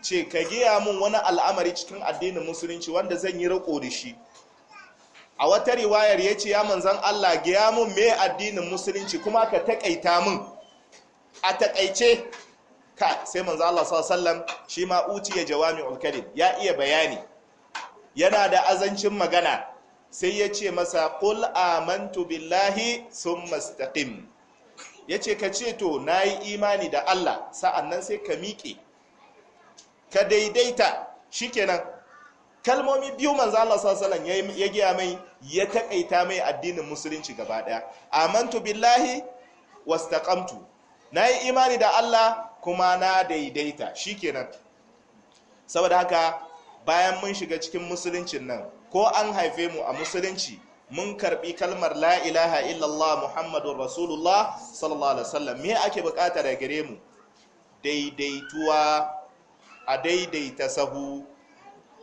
ce ka giya mun wani al'amari cikin addinin musulunci wanda zan yi riko da shi a wata riwayar ya ce ya manzan Allah giya mun me addinin musulunci kuma ka takaita mun a takaice ka sai manzan Allah sallam shi ma uti ya jawami ulkarin ya iya bayani yana da azancin magana sai ya ce masa qul amantu billahi mastaƙim Ya ce ka ce to na yi imani da Allah sa'annan sai ka miƙe ka daidaita shi kenan kalmomi biyu manzo Allah sallallahu ya giya mai ya taƙaita mai addinin musulunci gaba ɗaya amantu billahi Na yi imani da Allah kuma na daidaita shi kenan saboda haka bayan mun shiga cikin musuluncin nan ko an haife mu a musulunci mun karbi kalmar la ilaha illallah muhammadun rasulullah sallallahu alaihi wasallam me ake bukata da gare mu daidaituwa a daidaita sahu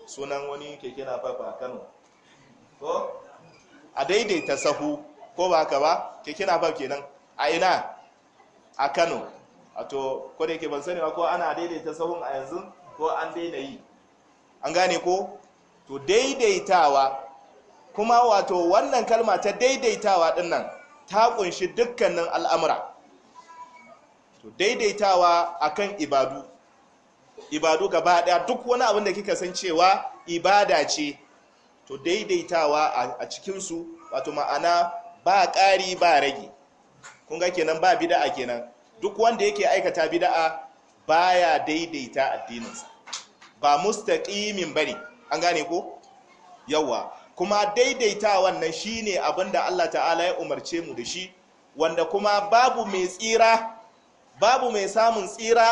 sunan wani keke na fafa kano ko a daidaita sahu ko ba ka ba keke na fafa kenan a ina a kano a to ko da yake ban sani ba ko ana daidaita sahun a yanzu ko an daina yi an gane ko to daidaitawa kuma wato wannan kalma ta daidaitawa dinnan ta kunshi dukkanin al'amura to daidaitawa akan ibadu ibadu gaba daya duk wani abin da kika san cewa ibada ce to daidaitawa a cikinsu wato ma'ana ba ƙari ba rage kun ga kenan ba bida'a kenan duk wanda yake aikata bida'a baya daidaita addininsa ba mustaqimin bane an gane ko yawa kuma daidaita wannan shine abin da Allah ta'ala ya umarce mu da shi wanda kuma babu mai tsira babu mai samun tsira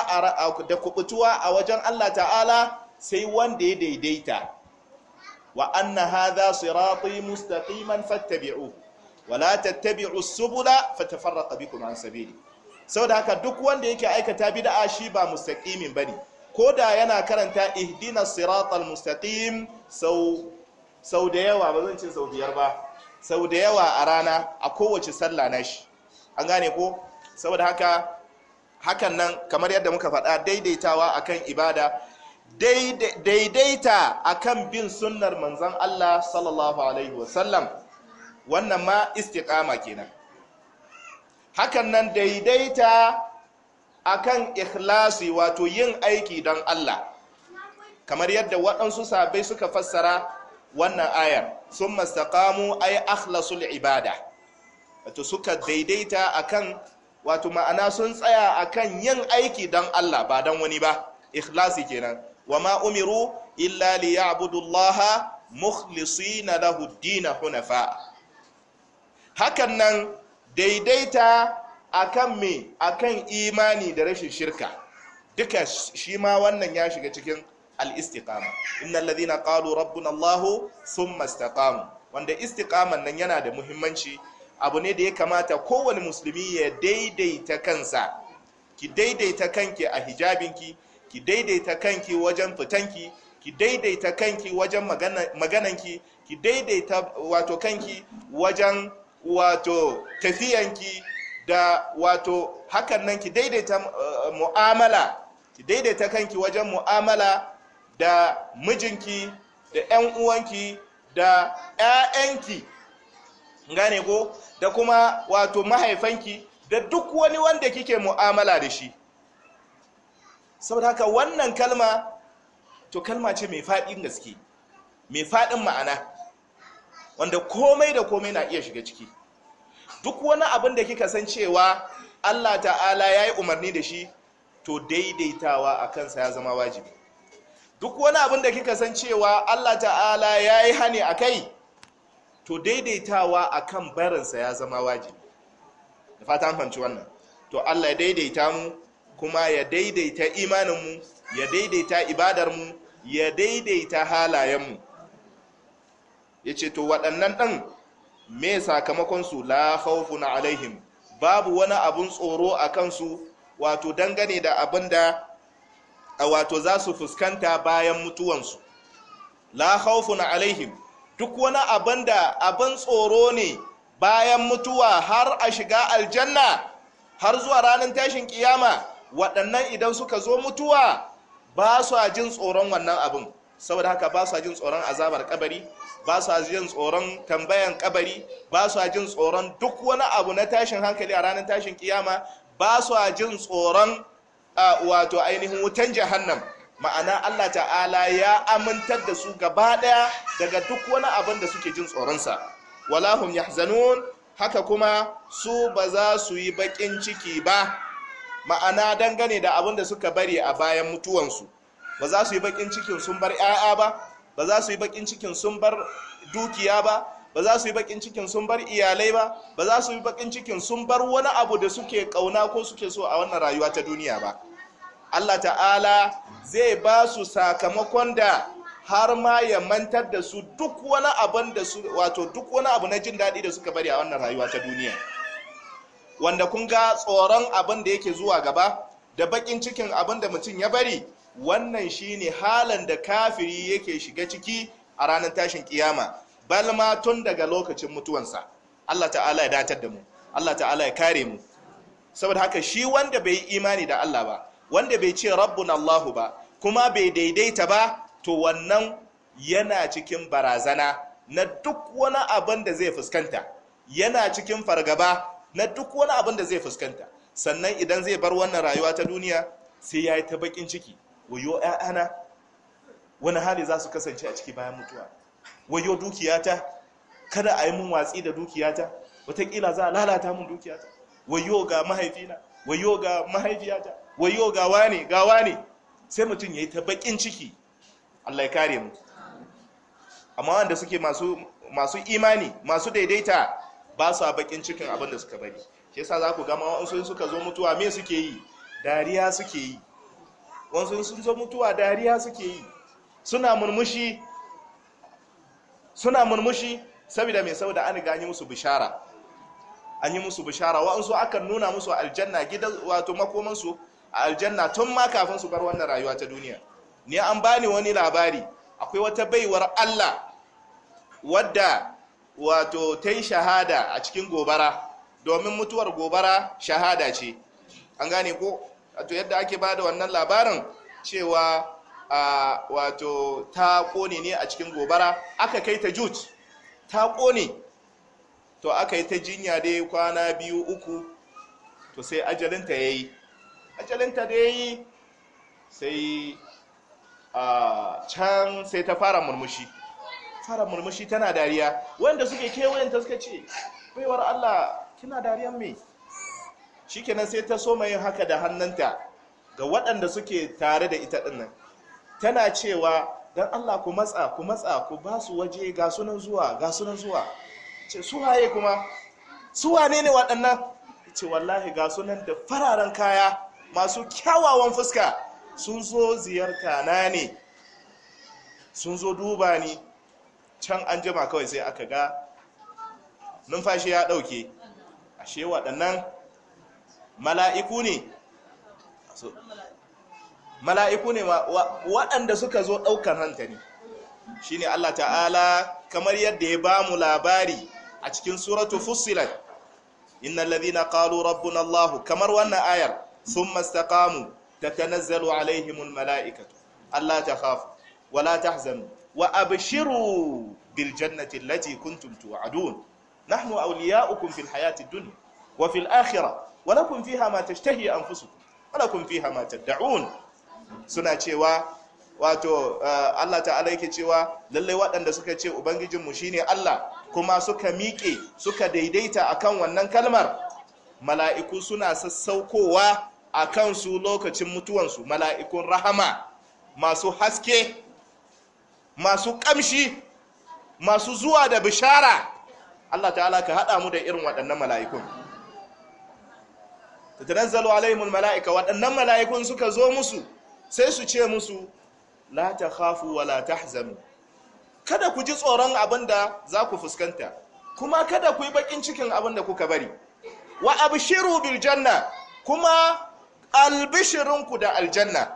da kubutuwa a wajen Allah ta'ala sai wanda ya daidaita wa anna hadha sirati mustaqiman fattabi'u wa la tattabi'u subula fatafarraqu bikum an sabili saboda haka duk wanda yake aikata bid'a shi ba mustaqimin bane ko da yana karanta ihdina siratal mustaqim sau sau da yawa ba zan ce sau biyar ba sau da yawa a rana a kowace sallah nashi an gane ko saboda haka hakan nan kamar yadda muka faɗa daidaitawa akan ibada daidaita akan bin sunnar manzon Allah sallallahu alaihi wasallam wannan ma istiqama kenan hakan nan daidaita akan ikhlasi wato yin aiki don Allah kamar yadda waɗansu sabai suka fassara wannan ayar sun mastakamu ay akhlasul ibada wato suka daidaita akan wato ma'ana sun tsaya akan yin aiki don Allah ba don wani ba ikhlasi kenan wa ma umiru illa liya'budullaha mukhlisina lahu hunafa hakan nan daidaita akan me akan imani da rashin shirka duka shi ma wannan ya shiga cikin al-istiqama innal na qalu rabbuna allahu thumma istaqamu wanda istiqaman nan yana da muhimmanci abu ne da ya kamata kowane musulmi ya daidaita kansa ki daidaita kanki a hijabinki ki daidaita kanki wajen fitanki ki daidaita kanki wajen magananki ki daidaita wato kanki wajen wato tafiyanki da wato hakan nan ki daidaita uh, mu'amala ki daidaita kanki wajen mu'amala da mijinki da 'yan uwanki da 'ya'yanki gane ko da kuma wato mahaifanki da duk wani wanda kike mu'amala da shi saboda haka wannan kalma to kalma ce mai faɗin gaske mai faɗin ma'ana wanda komai da komai na iya shiga ciki duk wani abin da kika san cewa Allah ta'ala ya yi umarni da shi to daidaitawa a kansa ya zama wajibi duk wani abin da kika san cewa Allah ta'ala ya yi hani a kai to daidaitawa a kan barinsa ya zama wajibi da fata hanci wannan to Allah ya daidaita mu kuma ya daidaita imaninmu ya daidaita ibadarmu ya daidaita halayenmu ya ce to waɗannan ɗan me sakamakonsu su la khawfun alaihim babu wani abun tsoro a kansu wato dangane da abin da wato za su fuskanta bayan mutuwansu la khawfun alaihim duk wani abin da abin tsoro ne bayan mutuwa har a shiga aljanna har zuwa ranar tashin kiyama waɗannan idan suka zo mutuwa ba su jin tsoron wannan abin saboda haka ba su jin tsoron azabar kabari ba su jin tsoron tambayan kabari ba su jin tsoron duk wani abu na tashin hankali a ranar tashin kiyama ba su jin tsoron wato ainihin wutan jahannam ma'ana Allah ta'ala ya amintar da su gaba daya daga duk wani abin da suke jin tsoronsa walahum yahzanun haka kuma su ba za su yi bakin ciki ba ma'ana dangane da abin da suka bari a bayan mutuwansu ba za su yi bakin cikin sun bar 'ya'ya ba ba za su yi bakin cikin sun bar dukiya ba ba za su yi bakin cikin sun bar iyalai ba ba za su yi bakin cikin sun bar wani abu da suke kauna ko suke so a wannan rayuwa ta duniya ba Allah ta'ala zai ba su sakamakon da har ma ya mantar da su duk wani abu da su wato duk wani abu na jin daɗi da suka bari a wannan rayuwa ta duniya wanda kun ga tsoron abin da yake zuwa gaba da bakin cikin abin da mutum ya bari wannan shine halan da kafiri yake shiga ciki a ranar tashin kiyama balma tun daga lokacin mutuwansa Allah ta'ala ya datar da mu Allah ta'ala ya kare mu saboda haka shi wanda bai imani da Allah ba wanda bai ce rabbun Allahu ba kuma bai daidaita ba to wannan yana cikin barazana na duk wani abin da zai fuskanta yana cikin fargaba na duk wani abin da zai fuskanta sannan idan zai bar wannan rayuwa ta duniya sai ya yi ta bakin ciki wayo ‘ya'yana wani hali za su kasance a ciki bayan mutuwa wayo dukiyata kada a yi mun watsi da dukiyata watakila za a lalata mun dukiyata wayo ga mahaifina wayo ga mahaifiyata wayo ga wani ga wani sai mutum ya yi ta bakin ciki allah ya kare mu amma wanda suke masu imani masu daidaita ba su a baƙin cikin abin da suka bari shi yasa za ku gama wa'ansu suka zo mutuwa me suke yi dariya suke yi wasu sun zo mutuwa dariya suke yi suna murmushi suna murmushi saboda mai saboda an yi musu bishara an yi musu bishara wa'ansu akan nuna musu aljanna gidan wato makomansu a aljanna tun ma kafin su bar wannan rayuwa ta duniya ni an bani wani labari akwai wata baiwar Allah wadda wato ta yi shahada a cikin gobara domin mutuwar gobara shahada ce an gane ko wato yadda ake bada wannan labarin cewa wato ta kone ne a cikin gobara aka kai ta jut ta kone to aka yi ta jinya dai kwana biyu uku to sai ajalinta ya yi ajalinta da ya yi sai can sai ta fara murmushi fara murmushi tana dariya wanda suke kewayenta suka ce baiwar allah kina dariya mai shikenan sai ta soma yin haka da hannunta ga waɗanda suke tare da ita ɗinnan tana cewa don allah ku matsa ku matsa ku ba su waje ga sunan zuwa ga sunan zuwa ce su haye kuma su wane ne waɗannan ce wallahi ga sunan da fararen kaya masu kyawawan fuska sun zo ziyarta na ne sun zo duba ni can an jima kawai sai aka ga numfashi ya ɗauke ashe waɗannan mala'iku ne mala'iku ne waɗanda suka zo ɗaukar hankali shine Allah ta'ala kamar yadda ya bamu labari a cikin suratu fusilat innal ladhina qalu rabbuna Allah kamar wannan ayar thumma ta tanazzalu alaihimul mala'ikatu Allah takhafu wala tahzanu wa abishiru bil jannati kuntum tu'adun nahnu auliya'ukum fil hayati dunya wa fil akhirah walakum fiha ma tashtahi anfusukum walakum fiha ma tad'un suna cewa wato uh, Allah ta'ala yake cewa lallai waɗanda suka ce ubangijin mu shine Allah kuma suka miƙe suka daidaita akan wannan kalmar mala'iku suna sassaukowa a su lokacin mutuwansu mala'ikun rahama masu haske masu ƙamshi masu zuwa da bishara Allah ta'ala ka haɗa mu da irin waɗannan mala'ikun tatanazzalu alaihimul mala'ika waɗannan mala'ikun suka zo musu sai su ce musu la takhafu wa la tahzanu kada ku ji tsoron abin da za ku fuskanta kuma kada ku yi bakin cikin abin da kuka bari wa abshiru biljanna, kuma albishirinku da aljanna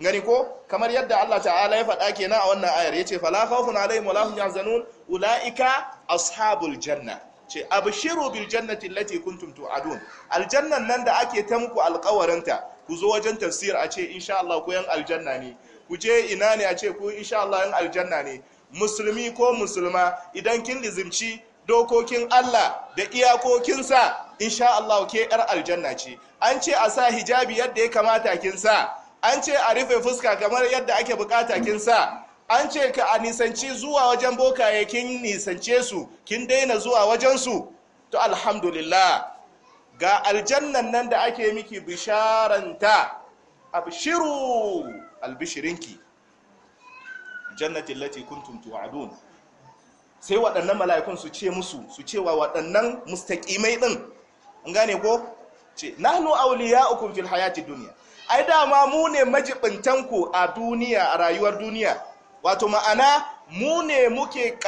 gani ko kamar yadda Allah ta'ala ya faɗa kenan a wannan ayar yace fala khawfun alaihim wa la hum yahzanun ulaika ashabul janna ce abshiru bil jannati allati kuntum tu'adun aljannan nan da ake ta muku alƙawarinta ku zo wajen tafsir a ce insha Allah ku yan aljanna ne ku je ina ne a ce ku insha Allah yan aljanna ne musulmi ko musulma idan kin lizimci dokokin Allah da iyakokinsa insha Allah ke yar aljanna ce an ce a sa hijabi yadda ya kamata kin sa an ce a rufe fuska kamar yadda ake bukata kin sa an ce ka a nisanci zuwa wajen bokaye kin nisance su kin daina zuwa wajen su to alhamdulillah ga aljannan nan da ake miki bisharanta abshiru albishirinki jannati allati kuntum tu'adun sai waɗannan mala'ikun su ce musu su cewa waɗannan mustaqimai din an gane ko ce nahnu awliya'ukum fil hayati dunya ai da ma mu ne majibintan ku a duniya a rayuwar duniya wato ma'ana mu ne muke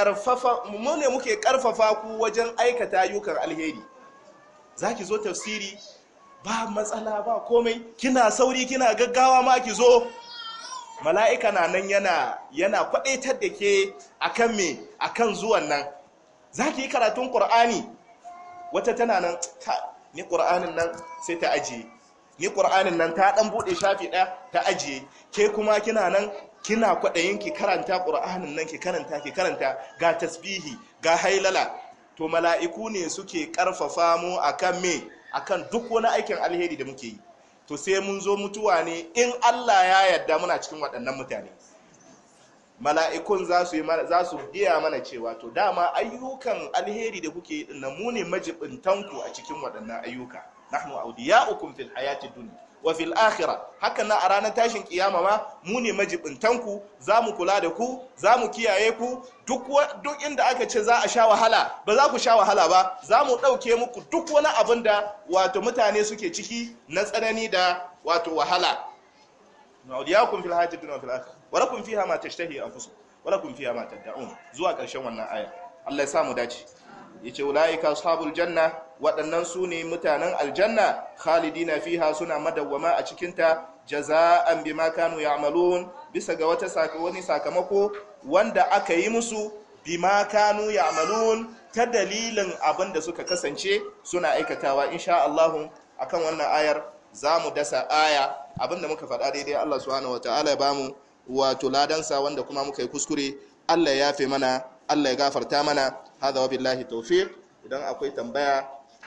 karfafa ku wajen aikata ayyukan alheri za ki zo tafsiri ba matsala ba komai kina sauri kina gaggawa ma ki zo mala'ika na nan yana yana kwadaitar da ke akan me akan zuwan nan za ki yi karatun ƙur'ani wata tana nan ta ni ƙur'anin nan sai ta ajiye ni ƙur'anin nan ta ɗan buɗe shafi ɗaya ta ajiye ke kuma kina nan kina kwaɗayin ki karanta ƙur'anin nan ki karanta ki karanta ga tasbihi ga hailala to mala'iku ne suke ƙarfafa mu akan me akan duk wani aikin alheri da muke yi to sai mun zo mutuwa ne in Allah ya yarda muna cikin waɗannan mutane mala'ikun za su za mana cewa to dama ayyukan alheri da kuke yi dinnan mu ne majibintanku a cikin waɗannan ayyuka nahnu awdiya'ukum fil hayati dunya wa fil akhirah hakan na a ranar tashin kiyama ma mu ne majibintan ku zamu kula da ku zamu kiyaye ku duk duk inda aka ce za a sha wahala ba za ku sha wahala ba zamu dauke muku duk wani abin da wato mutane suke ciki na tsanani da wato wahala na'udiyakum fil hayatid dunya fil akhirah wa lakum fiha ma tashtahi anfusukum wa lakum fiha ma tad'un zuwa karshen wannan aya Allah ya samu dace yace ulaika ashabul janna waɗannan su ne mutanen aljanna khalidina fiha suna madawwama a cikinta jaza'an bima kanu ya'malun bisa ga wata wani sakamako wanda aka yi musu bima kanu ya'malun ta dalilin abin da suka kasance suna aikatawa insha Allah akan wannan ayar zamu dasa aya abinda muka faɗa daidai Allah subhanahu wataala ya bamu wato ladansa wanda kuma muka yi kuskure Allah ya yafe mana Allah ya gafarta mana hada wabillahi tawfiq idan akwai tambaya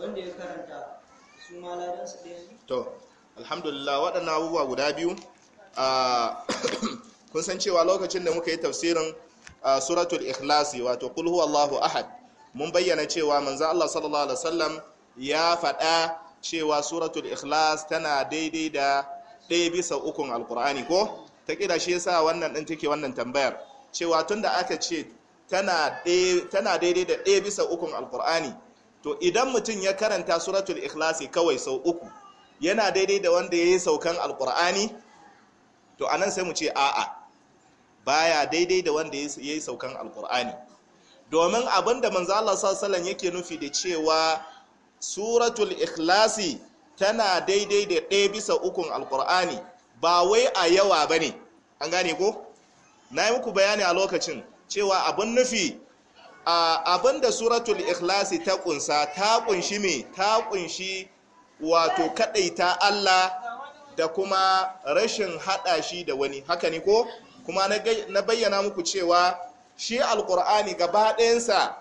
wanda ya karanta su ma ladan su ɗaya to alhamdulillah waɗannan abubuwa guda biyu kun san cewa lokacin da muka yi tafsirin suratul ikhlasi wato qul Allahu ahad mun bayyana cewa manzo Allah sallallahu alaihi wasallam ya faɗa cewa suratul ikhlas tana daidai da ɗaya bisa ukun alkur'ani ko ta kira shi yasa wannan ɗin take wannan tambayar cewa tun da aka ce tana daidai da ɗaya bisa ukun alkur'ani to idan mutum ya karanta suratul ikhlasi kawai sau uku yana daidai da wanda ya yi saukan alkur'ani to anan sai mu ce a'a baya daidai da wanda ya yi saukan alkur'ani domin abin da manzo Allah sallallahu yake nufi da cewa suratul ikhlasi tana daidai da ɗaya bisa ukun alkur'ani ba wai a yawa bane an gane ko na yi muku bayani a lokacin cewa abin nufi Abin da suratul ikhlasi ta kunsa ta kunshi me ta kunshi wato kadaita Allah da kuma rashin hada shi da wani haka ne ko kuma na bayyana muku cewa shi alkur'ani gaba ɗayansa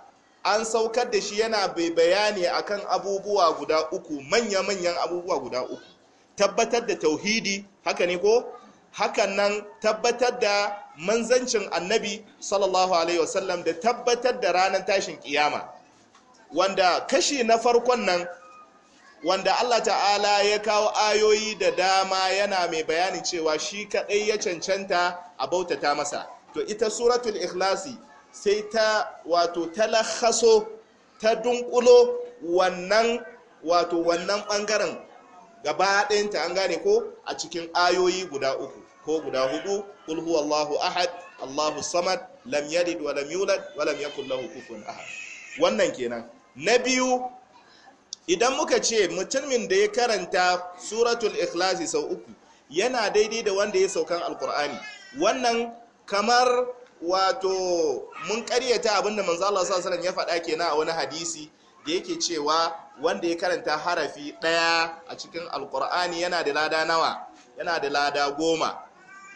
an saukar da shi yana bai bayani akan abubuwa guda uku manya-manyan abubuwa guda uku tabbatar da tauhidi haka ne ko hakan nan tabbatar da manzancin annabi sallallahu alaihi wasallam da tabbatar da ranar tashin kiyama wanda kashi na farkon nan wanda Allah ta'ala ya kawo ayoyi da dama yana mai bayani cewa shi kaɗai ya cancanta a bautata masa to ita suratul ikhlasi sai ta wato talakhaso ta dunkulo wannan wato wannan ɓangaren gaba ɗayanta an gane ko a cikin ayoyi guda uku ko guda hudu kul huwallahu ahad allahu samad lam yalid wa lam yulad wa lam yakul lahu kufuwan ahad wannan kenan na biyu idan muka ce mutumin da ya karanta suratul ikhlasi sau uku yana daidai da wanda ya saukan alkur'ani wannan kamar wato mun karyata abinda manzo Allah sallallahu alaihi ya faɗa kenan a wani hadisi da yake cewa wanda ya karanta harafi ɗaya a cikin alkur'ani yana da lada nawa yana da lada goma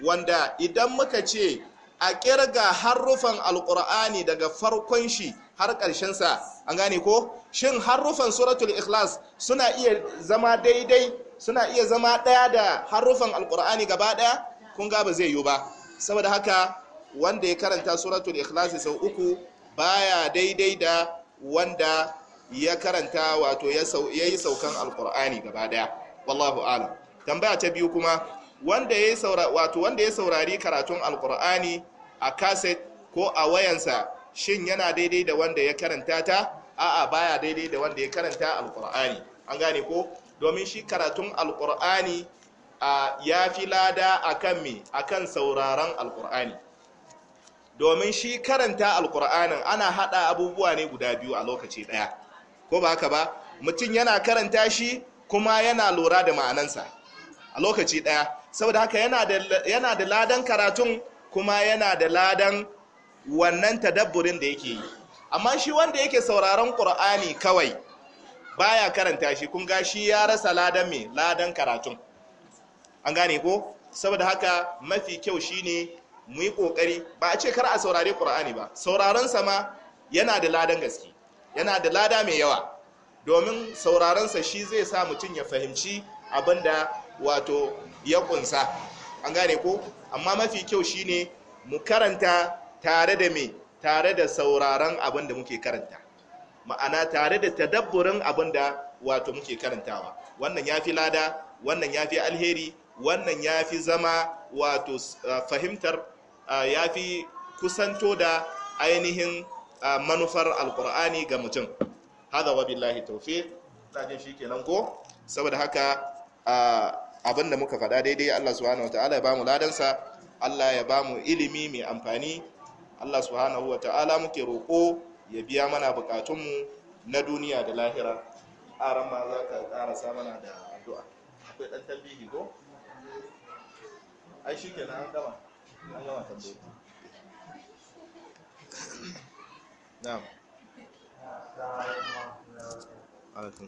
wanda idan muka ce a kirga harufan alkur'ani daga farkon shi har ƙarshensa an gane ko shin harufan suratul ikhlas suna iya zama daidai suna iya zama ɗaya da harufan alkur'ani gaba ɗaya kun ga ba zai yi ba saboda haka wanda ya karanta suratul ikhlas sau uku baya daidai da wanda ya karanta wato ya yi saukan alkur'ani gaba ɗaya wallahu alam tambaya ta biyu kuma wanda ya wato wanda ya saurari karatun alkur'ani a kaset ko a wayansa shin yana daidai da wanda ya karanta ta a'a baya daidai da wanda ya karanta alkur'ani an gane ko domin shi karatun alkur'ani ya fi lada akan me akan sauraron alkur'ani domin shi karanta alkur'anin ana hada abubuwa ne guda biyu a lokaci daya ko ba haka ba mutum yana karanta shi kuma yana lura da ma'anansa a lokaci daya saboda haka yana da ladan karatun kuma yana da ladan wannan tadabburin da yake yi amma shi wanda yake sauraron ƙur'ani kawai baya karanta shi kun ga shi ya rasa ladan mai ladan karatun an gane ko saboda haka mafi kyau shine mu yi kokari ba a ce kar a saurare ƙur'ani ba sauraron sa ma yana da ladan gaske yana da lada mai yawa domin sauraron sa shi zai sa mutum ya fahimci abinda wato ya kunsa an gane ko amma mafi kyau shine mu karanta tare da me tare da sauraron abin da muke karanta ma'ana tare da tadabburin abin da wato muke karantawa wannan ya fi lada wannan ya fi alheri wannan ya fi zama wato uh, fahimtar uh, ya fi kusanto da ainihin uh, manufar alkur'ani ga mutum hada wa billahi taufi ɗakin shi kenan ko saboda haka Abin da muka faɗa daidai Allah subhanahu ta'ala ya bamu ladansa Allah ya bamu ilimi mai amfani Allah subhanahu ta'ala muke roƙo ya biya mana buƙatunmu na duniya da lahira aran ma za ka ƙarasa mana da addu'a akwai ɗan tambihi ko ai shi na an gama an gama tambayi